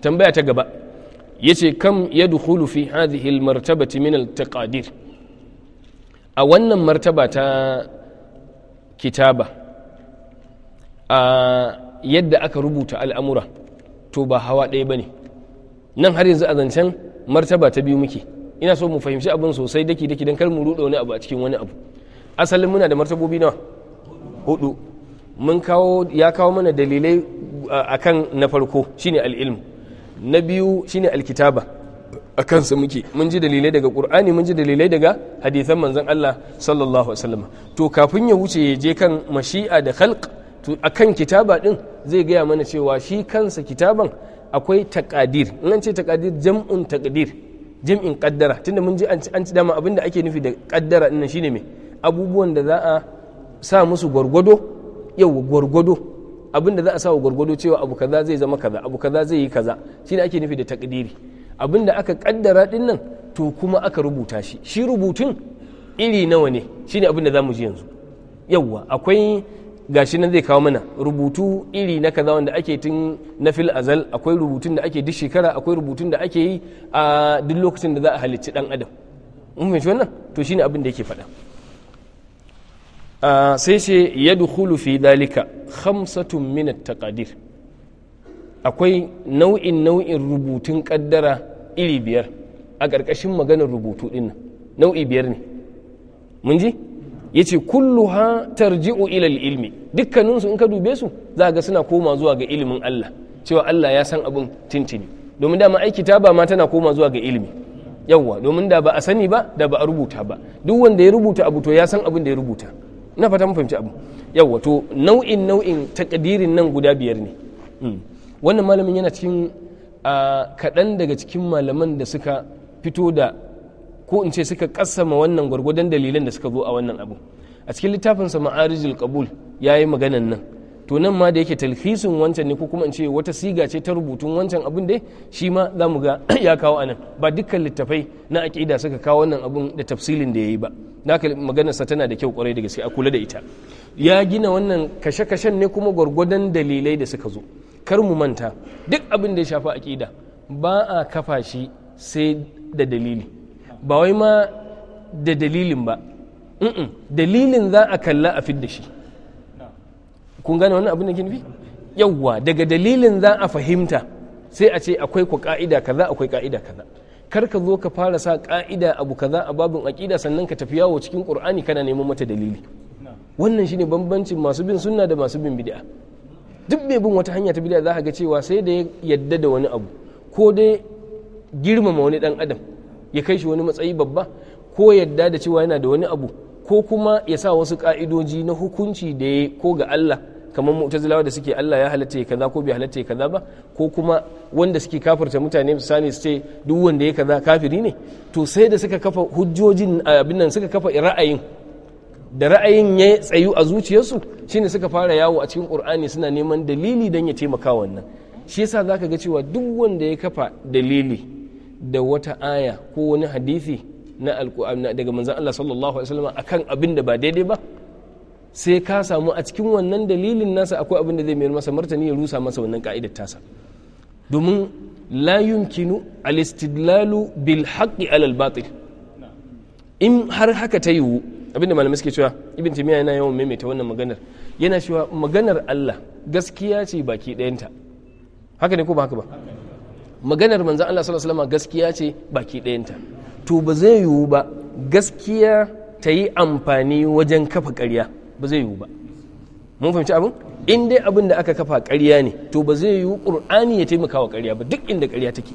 tambaya ta gaba Ya ce kam ya yadkhulu fi hadhihi almartabati min ƙadir. a wannan martaba ta kitaba a yadda aka rubuta al'amura to ba hawa ɗaya ba ne. nan har yanzu a zancen martaba ta biyu muke ina so mu fahimci abin sosai daki daki don kar mu ruɗa wani abu a cikin wani abu asalin muna da martabobi nawa hudu mun kawo ya kawo mana dalilai akan na farko shine al'ilm na biyu shine alkitaba a kansa muke mun ji dalilai daga qur'ani mun ji dalilai daga hadisan manzon Allah sallallahu alaihi wasallam to kafin ya wuce ya je kan mashi'a da khalq to akan kitaba din zai gaya mana cewa shi kansa kitaban akwai takadir in an ce takadir jam'un takadir jam'in kaddara tunda mun ji an ci dama abinda ake nufi da kaddara din shine me abubuwan da za a sa musu gwargwado yau gwargwado abin da za a sa wa gwargwado cewa abu kaza zai zama kaza abu kaza zai yi kaza shine ake nufi da takdiri abin da aka kaddara din nan to kuma aka rubuta shi shi rubutun iri nawa ne shine abin da mu ji yanzu yawwa akwai gashi nan zai kawo mana rubutu iri na kaza wanda ake tun na fil azal akwai rubutun da ake duk shekara akwai rubutun da ake yi a duk lokacin da za a halicci dan adam mun fahimci wannan to shine abin da yake faɗa sai ce yadkhulu fi dalika hamsatun min takadir akwai nau'in nau'in rubutun kaddara iri biyar a ƙarƙashin maganar rubutu ɗin nau'i biyar ne mun ji ya ce ha tarji'u ilal ilmi dukkaninsu in ka dube su za ga suna koma zuwa ga ilimin Allah cewa Allah ya san abin tintini domin dama aiki ta ba ma tana koma zuwa ga ilimi yawwa domin da ba a sani ba da ba a rubuta ba duk wanda ya rubuta abu to ya san abin da ya rubuta ina fata mun fahimci abu yawa to nau'in nau'in takadirin nan guda biyar ne hmm. wannan malamin yana cikin kaɗan daga cikin malaman da suka fito da ko in ce suka kasama wannan gwargwadon dalilan da suka zo a wannan abu a cikin littafinsa ma'arijul kabul ya yi maganan nan to nan ma da yake talhisin wancan ne ko kuma in ce wata siga ce ta rubutun wancan abin dai shi ma za mu ga ya kawo anan ba dukkan littafai na aƙida suka kawo wannan abin da tafsilin da ya yi ba naka sa tana da kyau kwarai da gaske a kula da ita ya gina wannan kashe-kashen ne kuma gwargwadon dalilai da suka zo kar mu manta duk abin da ya shafa aƙida ba a kafa shi sai da dalili ba wai ma da dalilin ba dalilin za a kalla a fidda shi kun gane wannan abin da ke nufi yawwa daga dalilin za a fahimta sai a ce akwai ku ka'ida kaza akwai ka'ida kaza kar ka zo ka fara sa ka'ida abu kaza a babin aƙida sannan ka tafi yawo cikin qur'ani kana neman mata dalili wannan shine bambancin masu bin sunna da masu bin bid'a duk mai bin wata hanya ta bid'a za ka ga cewa sai da yadda da wani abu ko dai girmama wani dan adam ya kai shi wani matsayi babba ko yadda da cewa yana da wani abu ko kuma ya sa wasu ka'idoji na hukunci da ya ko ga Allah kamar mu'tazilawa da suke Allah ya halatta ya kaza ko bai halatta ya kaza ba ko kuma wanda suke kafirta mutane misali su ce duk wanda ya kaza kafiri ne to sai da suka kafa hujjojin abin nan suka kafa ra'ayin da ra'ayin ya tsayu a zuciyarsu shine suka fara yawo a cikin Qur'ani suna neman dalili dan ya taimaka wannan shi yasa zaka ga cewa duk wanda ya kafa dalili da wata aya ko wani hadisi na alƙur'ani daga manzon Allah sallallahu alaihi wasallam akan abin da ba daidai ba sai ka samu a cikin wannan dalilin nasa akwai abin da zai mayar masa martani ya rusa masa wannan ka'idar tasa domin la yumkinu al-istidlalu bil haqqi alal batil in har haka ta yiwu abinda malamai suke cewa ibn timiya yana yawan maimaita wannan maganar yana cewa maganar Allah gaskiya ce baki ɗayanta haka ne ko ba haka ba maganar manzan Allah sallallahu alaihi wasallam gaskiya ce baki ɗayanta to ba zai yiwu ba gaskiya ta yi amfani wajen kafa ƙarya ba zai yiwu ba mun fahimci abin in dai abin da aka kafa ƙarya ne to ba zai yiwu ƙur'ani ya taimaka wa ƙarya ba duk inda ƙarya take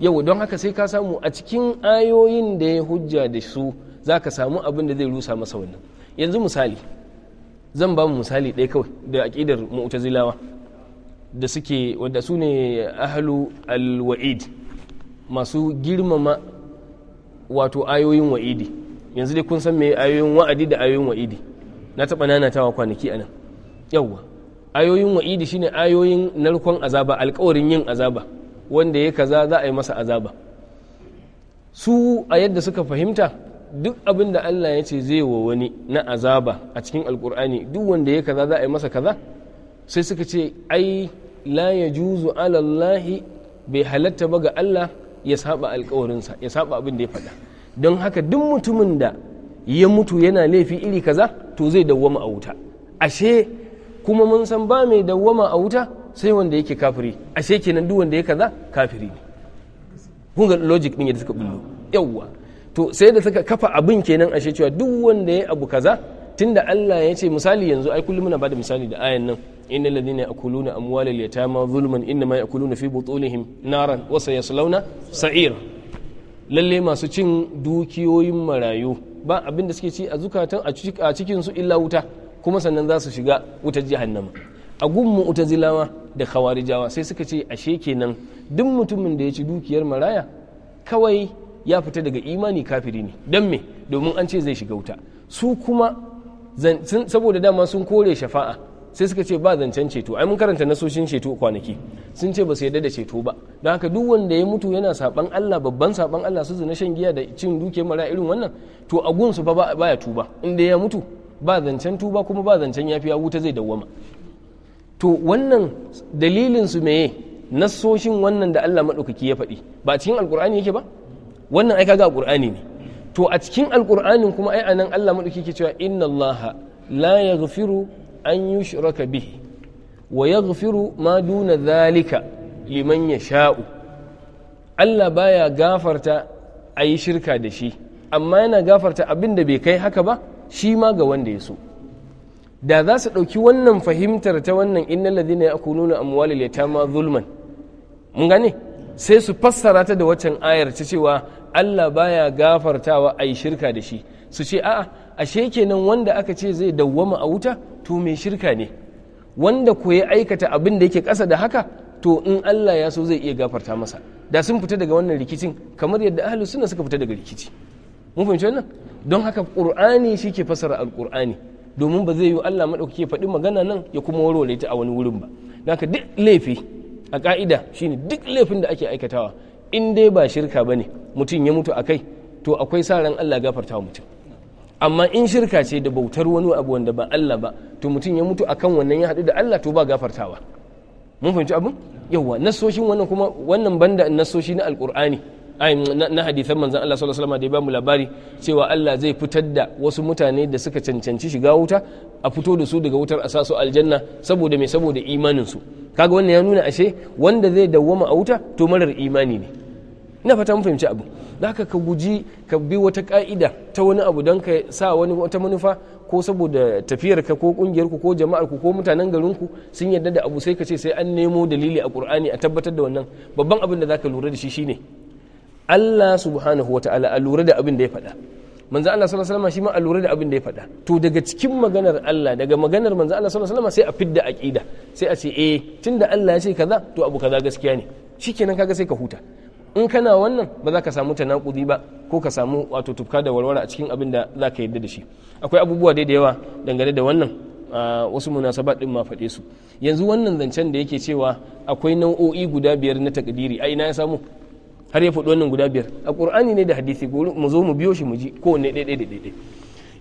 yau don haka sai ka samu a cikin ayoyin da ya hujja da su za ka samu abin da zai rusa masa wannan yanzu misali zan ba mu misali ɗaya kawai da aƙidar mu'tazilawa da suke wadda su ne ahlu alwa'id masu girmama wato ayoyin wa'idi yanzu dai kun san me ayoyin wa'adi da ayoyin wa'idi na taɓa nanatawa kwanaki anan. nan ayoyin wa'idi shine ayoyin narkon azaba alkawarin yin azaba wanda ya kaza za a yi masa azaba su a yadda suka fahimta duk abin da Allah ya ce zai wa wani na azaba a cikin alkur'ani duk wanda ya kaza za a yi masa kaza sai suka ce ai la ya juzu alallahi bai halatta ba ga Allah ya saba alkawarinsa ya saba abin da ya faɗa don haka duk mutumin da ya mutu yana laifi iri kaza to zai dawwama a wuta ashe kuma mun san ba mai dawwama a wuta sai wanda yake kafiri ashe kenan duk wanda ya kaza kafiri ne kun ga logic din yadda suka bullo yawwa to sai da suka kafa abin kenan ashe cewa duk wanda ya abu kaza tunda Allah ya ce misali yanzu ai kullum muna bada misali da ayan nan inna alladhina yakuluna amwalal yatama zulman ma yakuluna fi butulihim naran wa sayaslawna sa'ir lalle masu cin dukiyoyin marayu ba abin da suke ci a zukatan a cikin su illa wuta kuma sannan za su shiga wutar jahannama a wutar zilawa da khawarijawa sai suka ce ashe kenan duk mutumin da ya ci dukiyar maraya kawai ya fita daga imani kafiri ne don me domin an ce zai shiga wuta su kuma saboda dama sun kore shafa'a sai suka ce ba zancen ceto ai mun karanta nasoshin ceto kwanaki sun ce ba su yadda da ceto ba don haka duk wanda ya mutu yana saban Allah babban saban Allah su zina shan giya da cin duke mara irin wannan to a gun su fa ya tuba inda ya mutu ba zancen tuba kuma ba zancen yafi yafiya wuta zai dawwama to wannan dalilin su meye nasoshin wannan da Allah madaukaki ya faɗi ba cikin alkur'ani yake ba wannan ai kaga alkur'ani ne to a cikin alkur'anin kuma ai anan Allah madaukaki ke cewa inna Allah la yaghfiru an yushraka bihi wa yaghfiru ma duna zalika liman sha'u. Allah baya gafarta a yi shirka da shi amma yana gafarta abin da bai kai haka ba shi ma ga wanda ya so da za su ɗauki wannan fahimtar ta wannan innal ladina ya'kuluna ta yatama zulman mun gane sai su fassara ta da waccan ayar ta cewa Allah baya gafartawa a yi shirka da shi su ce a'a ashe kenan wanda aka ce zai dawwama a wuta to mai shirka ne wanda ko ya aikata abin da yake ƙasa da haka to in Allah ya so zai iya gafarta masa da sun fita daga wannan rikicin kamar yadda ahlus sunna suka fita daga rikici mun fahimci wannan don haka qur'ani shike fasara alqur'ani domin ba zai yi Allah madaukake faɗi magana nan ya kuma warware ta a wani wurin ba don haka duk laifi a ka'ida shine duk laifin da ake aikatawa in dai ba shirka bane mutum ya mutu akai to akwai sa ran Allah gafarta wa mutum amma in shirka ce da bautar wani abu wanda ba Allah ba to mutum ya mutu akan wannan ya haɗu da Allah to ba gafartawa mun fahimci abin yawa nasoshin wannan kuma wannan banda nasoshi na alkur'ani na hadisan manzan Allah sallallahu alaihi wasallam da ya mu labari cewa Allah zai fitar da wasu mutane da suka cancanci shiga wuta a fito da su daga wutar a su aljanna saboda me saboda imanin su kaga wannan ya nuna ashe wanda zai dawwama a wuta to marar imani ne ina fata mun fahimci abu da haka ka guji ka bi wata ka'ida ta wani abu don ka sa wani wata manufa ko saboda tafiyar ka ko kungiyar ku ko jama'ar ku ko mutanen garin ku sun yarda da abu sai ka ce sai an nemo dalili a qur'ani a tabbatar da wannan babban abin da zaka lura da shi shine Allah subhanahu wataala a lura da abin da ya faɗa manzo Allah sallallahu alaihi wasallam shi ma a lura da abin da ya faɗa to daga cikin maganar Allah daga maganar manzo Allah sallallahu alaihi wasallam sai a fidda aqida sai a ce eh tunda Allah ya ce kaza to abu kaza gaskiya ne shikenan kaga sai ka huta in kana wannan ba za ka samu tanakudi ba ko ka samu wato tufka da warware a cikin abin da za ka yarda da shi akwai abubuwa da yawa dangane da wannan wasu munasabat din ma faɗe su yanzu wannan zancen da yake cewa akwai nau'o'i guda biyar na takdiri a ina ya samu har ya faɗi wannan guda biyar a qur'ani ne da hadisi mu zo mu biyo shi mu ji kowanne ɗaya ɗaya ɗaya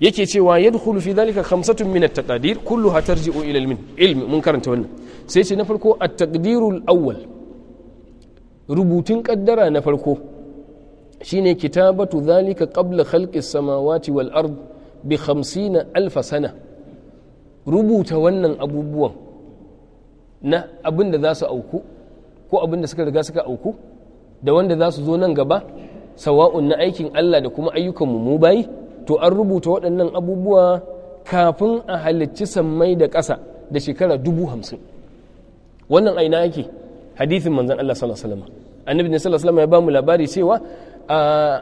yake cewa yadkhulu fi dhalika khamsatun min at-taqdir kulluha tarji'u ila al-ilm mun karanta wannan sai ce na farko at-taqdirul awwal rubutun kaddara na farko shine kitabatu zalika qabla khalqis samawati wal ard bi 50 alf sana rubuta wannan abubuwan na abin da za su auku ko abin da suka riga suka auku da wanda za su zo nan gaba sawa'un na aikin Allah da kuma ayyukan mu bayi to an rubuta waɗannan abubuwa kafin a halicci sammai da ƙasa da shekara dubu hamsin wannan aina yake hadithin manzan Allah sallallahu alaihi wasallam annabi ne sallallahu alaihi ya bamu labari cewa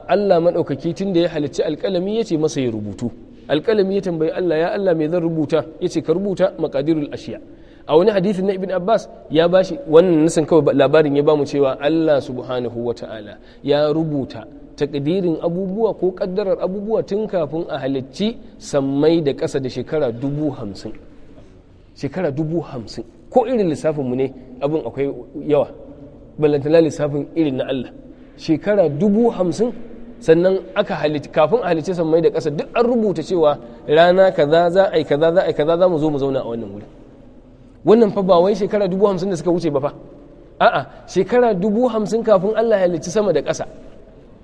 Allah madaukaki tun da ya halicci ya ce masa ya rubutu alkalami ya tambayi Allah ya Allah me zan rubuta ya ce ka rubuta makadirul ashiya a wani hadithin na ibn abbas ya bashi wannan nasan kawai labarin ya bamu cewa allah subhanahu wa ta'ala ya rubuta takdirin abubuwa ko kaddarar abubuwa tun kafin a halicci sammai da kasa da shekara dubu hamsin shekara dubu hamsin ko irin lissafinmu ne abin akwai yawa ballantana lissafin irin na Allah shekara dubu hamsin sannan aka halitta kafin a halitta da ƙasa duk an rubuta cewa rana kaza za a yi kaza za a yi kaza za mu zo mu zauna a wannan wuri wannan fa ba wai shekara dubu hamsin da suka wuce ba fa a'a shekara dubu hamsin kafin Allah halicci sama da ƙasa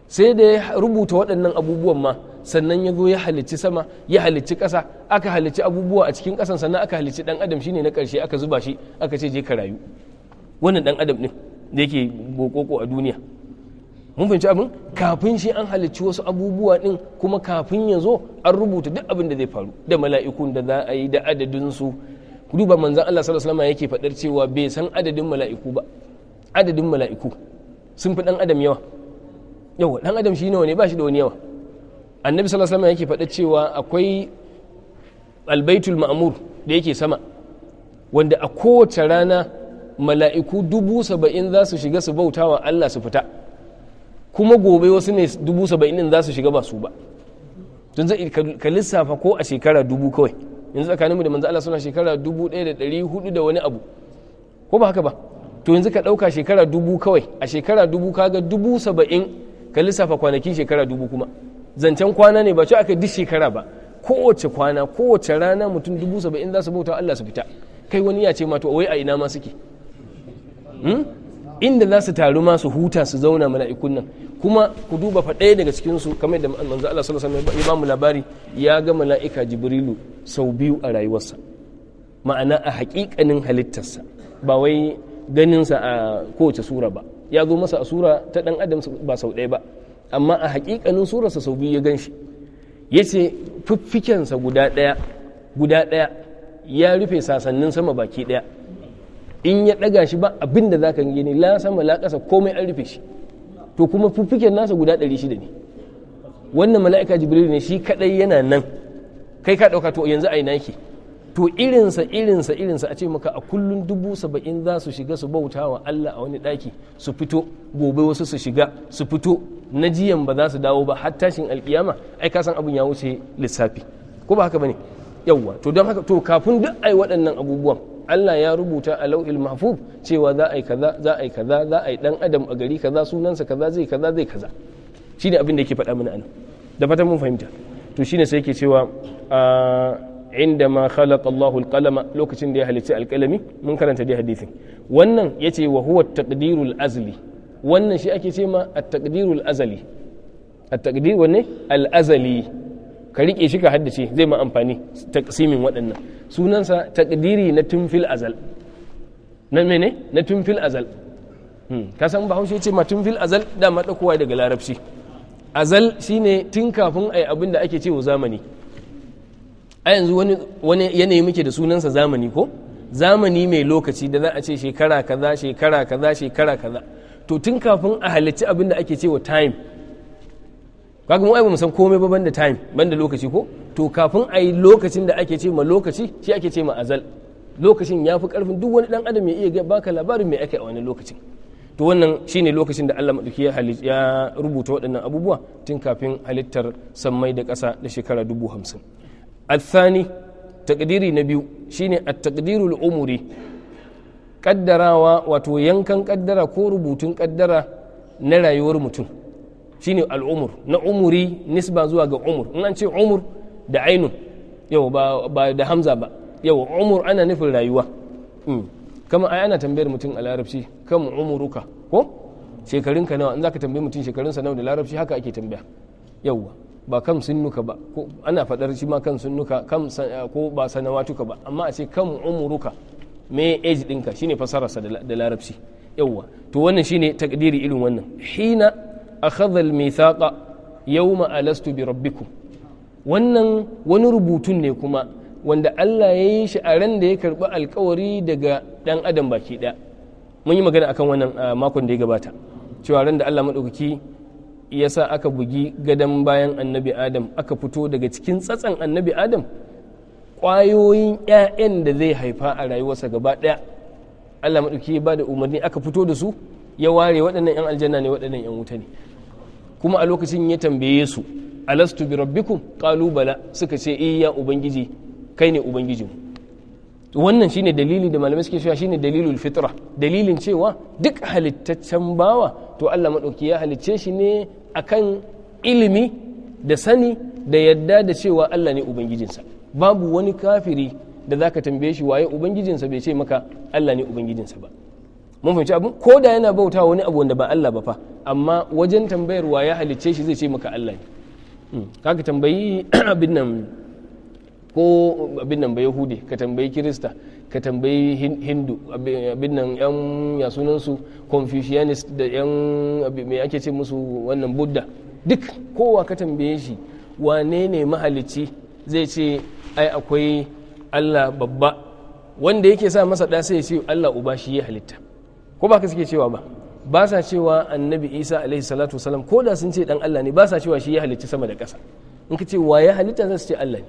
sai da ya rubuta waɗannan abubuwan ma sannan ya zo ya halicci sama ya halicci ƙasa aka halicci abubuwa a cikin ƙasan sannan aka halicci ɗan adam shine na ƙarshe aka zuba shi aka ce je ka rayu wannan ɗan adam ɗin da yake bokoko a duniya mun fahimci abin kafin shi an halicci wasu abubuwa din kuma kafin ya zo an rubuta duk abin da zai faru da mala'ikun da za a yi da adadin su duba manzan Allah sallallahu alaihi yake faɗar cewa bai san adadin mala'iku ba adadin mala'iku sun fi dan adam yawa yawa dan adam shi nawa ne ba shi da wani yawa annabi sallallahu alaihi yake fadar cewa akwai albaitul ma'mur da yake sama wanda a kowace rana mala'iku dubu saba'in za su shiga su bauta wa Allah su fita kuma gobe wasu ne dubu saba'in in za su shiga ba su ba tun zai ka lissafa ko a shekara dubu kawai yanzu tsakaninmu da manzo Allah suna shekara dubu ɗaya da ɗari hudu da wani abu ko ba haka ba to yanzu ka ɗauka shekara dubu kawai a shekara dubu kaga dubu saba'in ka lissafa kwanaki shekara dubu kuma zancen kwana ne ba ci aka duk shekara ba kowace kwana kowace rana mutum dubu saba'in za su bauta Allah su fita kai wani ya ce ma to wai a ina ma suke Hmm? inda za su taru ma su huta su zauna mala'ikun nan kuma ku duba fa ɗaya daga cikin su kamar da manzo Allah sallallahu alaihi wasallam ya ba mu labari ya ga mala'ika Jibrilu sau biyu a rayuwarsa ma'ana a haƙiƙanin halittarsa ba wai ganinsa a kowace sura ba ya zo masa a sura ta dan adam ba sau ɗaya ba amma a haƙiƙanin surarsa sau biyu ya gan shi ya ce fiffikensa guda ɗaya guda ɗaya ya rufe sasannin sama baki ɗaya in ya ɗaga shi ba abin da za ka gani la sama la ƙasa komai an rufe shi to kuma fuffiken nasa guda ɗari shida ne wannan mala'ika jibril ne shi kaɗai yana nan kai ka ɗauka to yanzu a ina yake to irinsa irinsa irinsa a ce maka a kullum dubu saba'in za su shiga su bauta wa Allah a wani ɗaki su fito gobe wasu su shiga su fito na jiyan ba za su dawo ba har tashin alƙiyama ai ka san abin ya wuce lissafi ko ba haka ba ne. yawwa to don haka to kafin duk ai waɗannan abubuwan Allah ya rubuta a lau'il mahfuz cewa za a yi kaza za a yi kaza za a yi dan adam a gari kaza sunansa kaza zai kaza zai kaza shine abin da yake faɗa mana anan da fatan mun fahimta to shine sai yake cewa ah, inda ma khalaqa Allahu al-qalama lokacin da ya halitta alkalami mun karanta dai hadisin wannan yace wa huwa at-taqdirul azli wannan shi ake ce ma at-taqdirul azali at-taqdir wanne al-azali ka rike shi ka haddace zai ma amfani taqsimin waɗannan sunansa takdiri na tunfil azal na mene na tunfil azal hmm. ka san bahaushe ce ma tunfil azal dama ɗaukowa daga larabci azal shine tun kafin ai abin da ake cewa zamani a yanzu wani wani yanayi muke da sunansa zamani ko zamani mai lokaci da za a ce shekara kaza shekara kaza shekara kaza to tun kafin a halicci abin da ake cewa time kaga mu ai mu san komai ba banda time banda lokaci ko to kafin a yi lokacin da ake ce ma lokaci shi ake ce ma azal lokacin ya fi karfin duk wani dan adam ya iya baka labarin mai ake a wani lokacin to wannan shine lokacin da Allah madauki ya rubuta waɗannan abubuwa tun kafin halittar sammai da ƙasa da shekara dubu hamsin al-thani takdiri na biyu shine a taqdirul umuri kaddarawa wato yankan kaddara ko rubutun kaddara na rayuwar mutum shine al'umur na umuri nisba zuwa ga umur in an ce umur da ainun yau ba da hamza ba yau umur ana nufin rayuwa hmm. kama ai ana tambayar mutum a larabci kan umuruka ko shekarunka nawa in zaka tambayi mutum shekarunsa nawa da larabci haka ake tambaya yauwa ba kam sunnuka ba ko ana faɗar shi ma kan sunnuka kam ko ba sanawatuka ba amma a ce kan umuruka me age ɗinka shine fasararsa da larabci yauwa to wannan shine takdiri irin wannan hina akhadha al-mithaqa yawma alastu bi rabbikum wannan wani rubutun ne kuma wanda Allah ya yi shi a ran da ya karɓi alkawari daga dan adam baki ɗaya mun yi magana akan wannan ah, makon da ya gabata cewa ran da Allah maɗaukaki ya sa aka bugi gadon bayan annabi adam aka fito daga cikin tsatsan annabi adam ƙwayoyin 'ya'yan da zai haifa a rayuwarsa gaba ɗaya Allah maɗauki ya ba da umarni aka fito da su ya ware waɗannan 'yan aljanna ne waɗannan 'yan wuta ne kuma a lokacin ya tambaye su alastu bi rabbikum qalu bala suka ce eh ya ubangiji kai ne ubangijin wannan shine dalili da malamai suke cewa shine dalilul fitra dalilin cewa duk halittaccen bawa to Allah madauki ya halicce shi ne akan ilimi da sani da yadda da cewa Allah ne ubangijinsa babu wani kafiri da zaka tambaye shi waye ubangijinsa bai ce maka Allah ne ubangijinsa ba mun fahimci abin ko da yana bauta wani abu wanda ba Allah ba fa amma wajen tambayarwa ya halicce shi zai ce maka Allah ne kaka hmm. tambayi abin nan ko abin nan ba yahudi ka tambayi kirista ka tambayi hindu abin nan yan yasunan su confucianist da yan me ake ce musu wannan buddha duk kowa ka tambaye shi wane ne mahalicci zai ce ai akwai Allah babba wanda yake sa masa ɗa sai ya ce Allah uba shi ya halitta ko ba ka suke cewa ba ba sa cewa annabi isa alaihi salatu wasalam ko da sun ce dan allah ne ba sa cewa shi ya halicci sama da ƙasa in ka ce wa ya halitta za su ce allah ne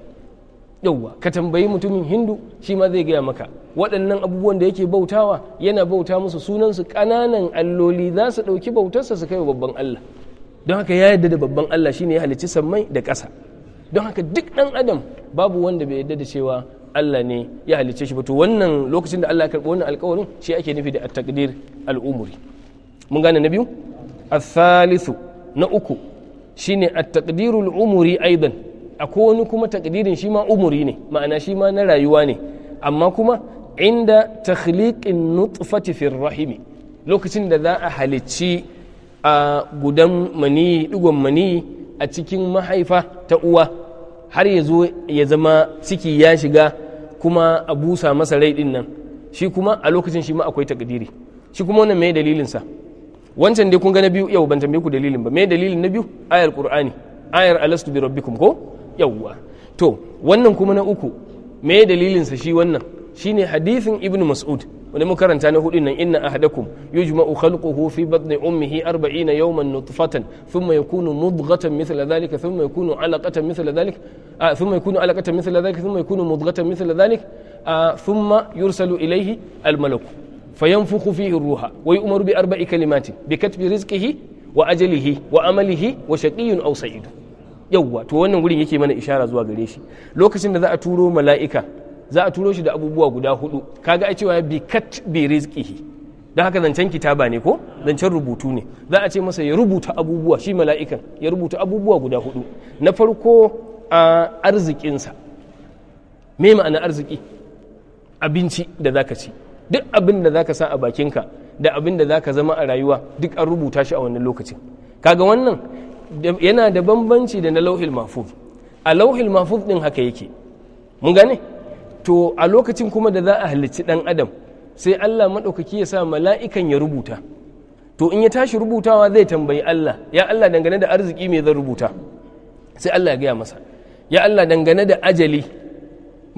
yauwa ka tambayi mutumin hindu shi ma zai gaya maka waɗannan abubuwan da yake bautawa yana bauta musu sunansu ƙananan alloli za su ɗauki bautarsa su kai wa babban allah don haka ya yarda da babban allah shine ya halicci samai da ƙasa don haka duk ɗan adam babu wanda bai yarda da cewa Allah ne ya halicce shi ba to wannan lokacin da Allah ya karɓi wannan alƙawarin shi ake nufi da at-taqdir al mun gane na biyu Salisu na uku shine at-taqdiru al-umri aidan akwai wani kuma takdirin shi ma umuri ne ma'ana shi ma na rayuwa ne amma kuma inda takhliqin nutfati fi rahimi lokacin da za a halicci a gudan mani digon mani a cikin mahaifa ta uwa har ya zo ya zama ciki ya shiga kuma a busa masa rai din nan shi kuma a lokacin shi ma akwai takdiri shi kuma wannan me dalilin sa wancan dai kun ga na biyu yau ban tambaye ku dalilin ba me dalilin na biyu ayar qur'ani ayar alastu bi rabbikum ko yawwa to wannan kuma na uku me dalilin sa shi wannan shine hadisin ibnu mas'ud wani makaranta na hudu nan inna ahadakum yujma'u khalquhu fi batni ummihi 40 yawman nutfatan thumma yakunu mudghatan mithla dhalika thumma yakunu 'alaqatan mithla dhalika ah, thumma yakunu 'alaqatan mithla dhalika thumma yakunu mudghatan mithla dhalika ah, thumma yursalu ilayhi al-malak fayanfukhu fihi ruha wa yu'maru bi arba'i kalimatin bi katbi rizqihi wa ajalihi wa amalihi wa shaqiyyun aw sa'id yawwa to wannan wurin yake mana ishara zuwa gare shi lokacin da za a turo mala'ika za a turo shi da abubuwa guda hudu kaga a cewa bi kat bi rizqihi dan haka zancen kitaba ne ko zancen rubutu ne za a ce masa ya rubuta abubuwa shi mala'ikan ya rubuta abubuwa guda hudu na farko a arzikinsa me ma'ana arziki abinci da zaka ci duk abin da zaka sa a bakinka da abin da zaka zama a rayuwa duk an rubuta shi a wannan lokacin kaga wannan yana da bambanci da na lauhil mahfuz a lauhil mahfuz din haka yake mun gane to a lokacin kuma da za a halicci ɗan adam sai Allah maɗaukaki ya sa mala'ikan ya rubuta to in ya tashi rubutawa zai tambayi Allah ya Allah dangane da arziki me zan rubuta sai Allah ya gaya masa ya Allah dangane da ajali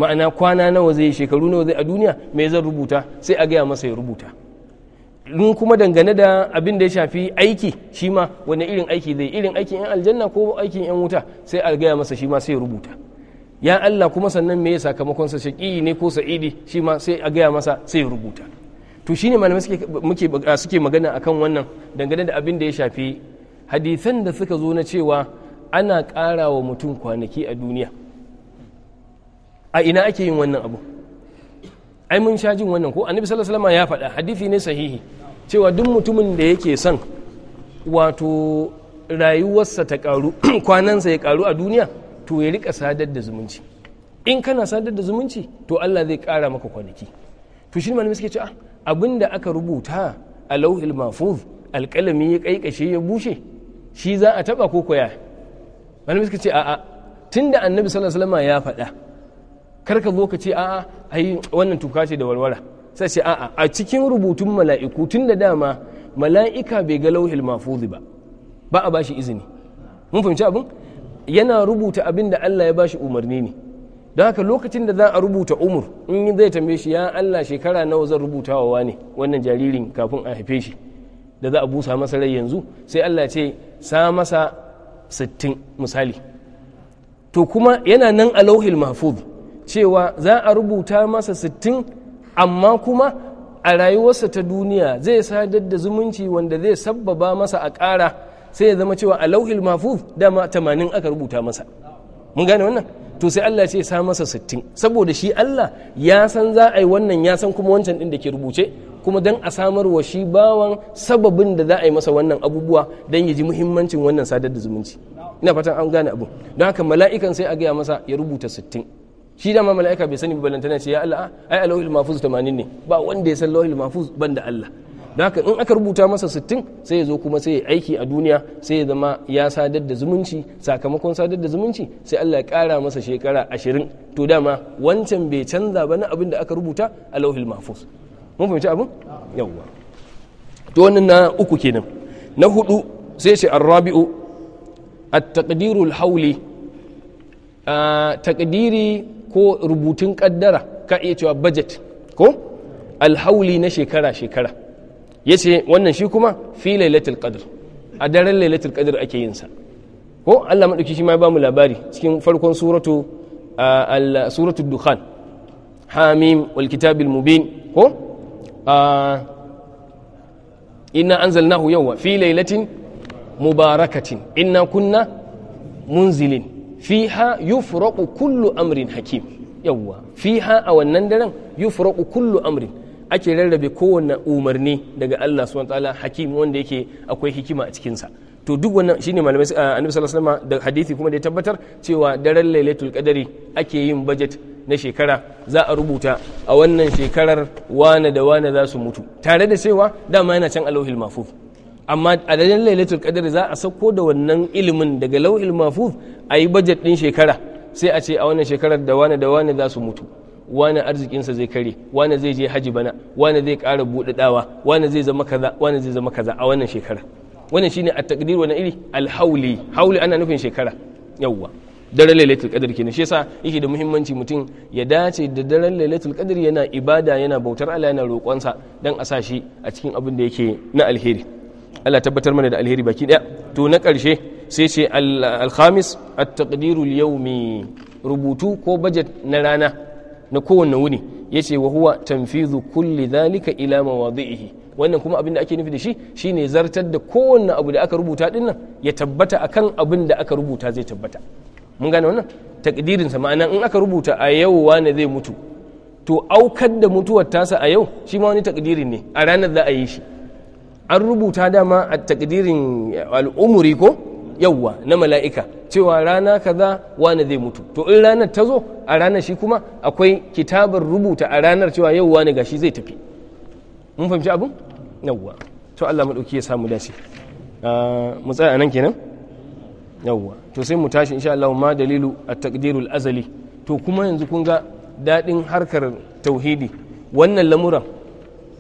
ma'ana kwana nawa zai shekaru nawa zai a duniya me zan rubuta sai a gaya masa ya rubuta in kuma dangane da abin da ya shafi aiki shi ma wani irin aiki zai irin aikin yan aljanna ko aikin yan wuta sai a gaya masa shima sai ya rubuta ya Allah kuma sannan me ya sakamakon sa shaki ne ko sa'idi shi ma sai a gaya masa sai ya rubuta to shine malamai suke muke suke magana akan wannan dangane da abin da ya shafi hadisan da suka zo na cewa ana ƙara wa mutum kwanaki a duniya a ina ake yin wannan abu ai mun sha jin wannan ko annabi sallallahu alaihi ya faɗa hadisi ne sahihi cewa duk mutumin da yake son wato rayuwarsa ta ƙaru kwanansa ya ƙaru a duniya to ya rika sadar da zumunci in kana sadar da zumunci to Allah zai kara maka kwanaki to shi malamai suke cewa ah, abin da aka rubuta a lauhil mafuz alkalami ya kaikashe ya bushe shi za a taba ko koya malamai suke ce a'a tunda annabi sallallahu alaihi wasallam ya faɗa kar ka zo ka ce a'a ai wannan tuka ce da walwala sai ce a'a a cikin rubutun mala'iku tunda dama mala'ika bai ga lauhil mafuz ba ba a bashi izini mun fahimci abin yana rubuta abin da Allah ya bashi umarni ne don haka lokacin da za a rubuta umur in zai tambaye shi ya Allah shekara nawa zan rubuta wa wane wannan jaririn kafin a haife shi da za a busa masa rai yanzu sai Allah ce sa masa sittin misali to kuma yana nan a lauhil mahfuz cewa za a rubuta masa sittin amma kuma a rayuwarsa ta duniya zai sadar da zumunci wanda zai sabbaba masa a ƙara sai ya zama cewa a lauhil mafuz dama tamanin aka rubuta masa mun gane wannan to sai Allah ce sa masa sittin saboda shi Allah ya san za a yi wannan ya san kuma wancan din da ke rubuce kuma dan a samar wa shi bawan sababin da za a yi masa wannan abubuwa dan ya ji muhimmancin wannan sadar da zumunci ina fatan an gane abu don haka mala'ikan sai a gaya masa ya rubuta sittin shi dama mala'ika bai sani balantana ce ya Allah ai alawil mahfuz tamanin ne ba wanda ya san lawil ban da Allah haka in aka rubuta masa 60 sai ya zo kuma sai ya aiki a duniya sai ya zama ya sadar da zumunci sakamakon sadar da zumunci sai Allah ya kara masa shekara 20 to dama wancan bai canza ba na abin da aka rubuta a lauhil mahfuz mun fahimci abin yawa to wannan na uku kenan na hudu sai shi arrabi'u at-taqdiru al-hawli takdiri ko rubutun kaddara ka iya cewa budget ko alhauli na shekara shekara ya ce wannan shi kuma fi lailatul qadr a daren lailatul qadr ake yin sa ko Allah madauki shi ma ya bamu labari cikin farkon suratu al suratu dukhan hamim wal kitabil mubin ko inna anzalnahu yawma fi lailatin mubarakatin inna kunna munzilin fiha yufraqu kullu amrin hakim yawwa fiha a wannan daren yufraqu kullu amrin ake rarrabe kowanne umarni daga Allah subhanahu wataala hakim wanda yake akwai hikima a cikinsa to duk wannan shine malamai annabi sallallahu alaihi da hadisi kuma da ya tabbatar cewa daren lailatul qadari ake yin bajet na shekara za a rubuta a wannan shekarar wane da wane za su mutu tare da cewa dama yana can alauhil mafuf amma a daren lailatul qadari za a sauko da wannan ilimin daga lauhil mafuf a yi budget din shekara sai a ce a wannan shekarar da wane da wane za su mutu wani arzikinsa zai kare wani zai je haji bana wani zai ƙara buɗaɗawa wani zai zama kaza wani zai zama kaza a wannan shekara wannan shine a takdir wani iri alhauli hauli ana nufin shekara yawwa daren lailatul qadr kenan shi yasa yake da muhimmanci mutum ya dace da daren lailatul qadr yana ibada yana bautar Allah yana roƙonsa dan a sa shi a cikin abin da yake na alheri Allah tabbatar mana da alheri baki daya to na ƙarshe sai ce al-khamis at-taqdiru al-yawmi rubutu ko budget na rana na kowanne wuni ya ce wa huwa tanfidhu kulli dhalika ila mawadhihi wannan kuma abin da ake nufi da shi shine zartar da kowanne abu da aka rubuta din nan ya tabbata akan abin da aka rubuta zai tabbata mun gane wannan takdirin sa ma'ana in aka rubuta a yau wane zai mutu to aukar da mutuwar tasa a yau shi ma wani takdiri ne a ranar za a yi shi an rubuta dama a takdirin al'umuri ko yawwa na mala'ika cewa rana kaza wani zai mutu to in ranar ta zo a ranar shi kuma akwai kitabar rubuta a ranar cewa yau wani gashi zai tafi mun fahimci abin yawwa to Allah maɗauki ya samu dace ah, mu tsaya nan kenan yawwa to sai mu tashi insha allahu ma dalilu a takdirul azali to kuma yanzu kun ga dadin harkar tauhidi wannan lamuran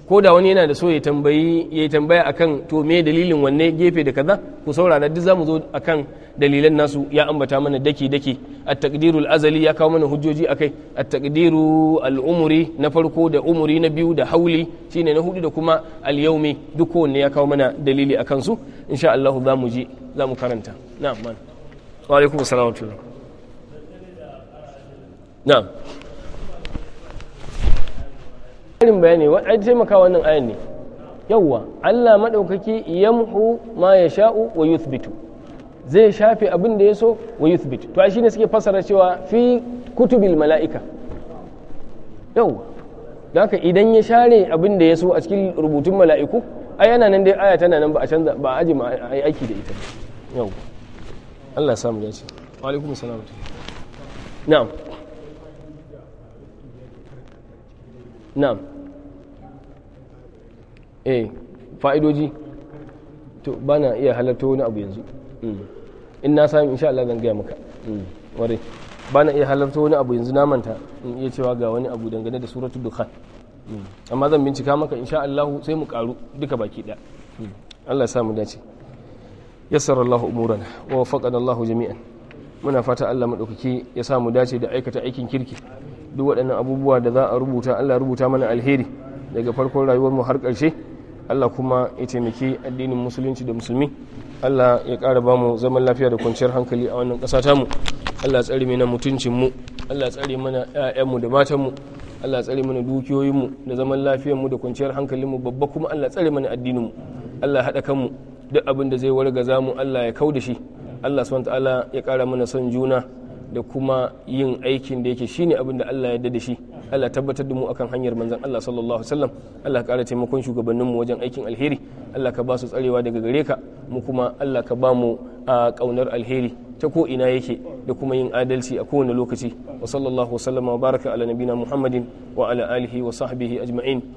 ko da wani yana da so ya tambayi ya tambaya akan to me dalilin wanne gefe da kaza ku saurara duk zamu zo akan dalilan nasu ya ambata mana daki daki a taqdirul azali ya kawo mana hujjoji akai at-taqdiru al-umri na farko da umuri na biyu da hauli shine na hudu da kuma al-yaumi duk wanne ya kawo mana dalili akan su insha Allah zamu ji zamu karanta na'am wa alaikum assalam na'am ƙarin bayani wa wadda taimaka wannan ayan ne yawwa Allah maɗaukaki yamhu ma ya sha'u wa yuthbitu zai shafe abin da ya so wa yuthbit to shi ne suke fasara cewa fi kutubil mala'ika yawwa haka idan ya share abin da ya so a cikin rubutun mala'iku ai yana nan dai aya tana nan ba a canza ba a aji ma ai aiki da ita yawwa Allah ya samu dace wa alaikum salam na'am na'am e fa'idoji to na iya halatta wani abu yanzu mm. in na sami insha Allah zan gaya maka mm. ware ba na iya halatta wani abu yanzu na manta in iya cewa ga wani abu dangane da suratul dukhan mm. amma zan bincika maka insha Allah sai mu karu duka baki daya Allah ya samu dace yassara Allah umurana wa waffaqana Allah jami'an muna fata Allah madaukaki ya samu dace da aikata aikin kirki duk waɗannan abubuwa da za a rubuta Allah rubuta mana alheri daga farkon rayuwar mu har ƙarshe Allah kuma ya taimaki addinin musulunci da musulmi Allah ya ƙara ba mu zaman lafiya da kwanciyar hankali a wannan ƙasa tamu Allah tsare mana mutuncin mu Allah tsare mana ƴaƴan mu da matan mu Allah tsare mana dukiyoyin mu da zaman lafiyar mu da kwanciyar hankalin mu babba kuma Allah tsare mana addinin mu Allah haɗa kanmu duk abin da zai wargaza mu Allah ya kauda shi Allah subhanahu wa ta'ala ya ƙara mana son juna da kuma yin aikin da yake shine abin da Allah ya da shi Allah tabbatar da mu akan hanyar manzon Allah sallallahu alaihi wasallam Allah ƙara taimakon shugabanninmu wajen aikin alheri Allah ka ba su tsarewa daga gare ka mu kuma Allah ka ba mu a kaunar alheri ta ko ina yake da kuma yin adalci a kowane lokaci wa sallallahu wa sallama wa baraka ala nabina muhammadin wa ala alihi wa sahbihi ajma'in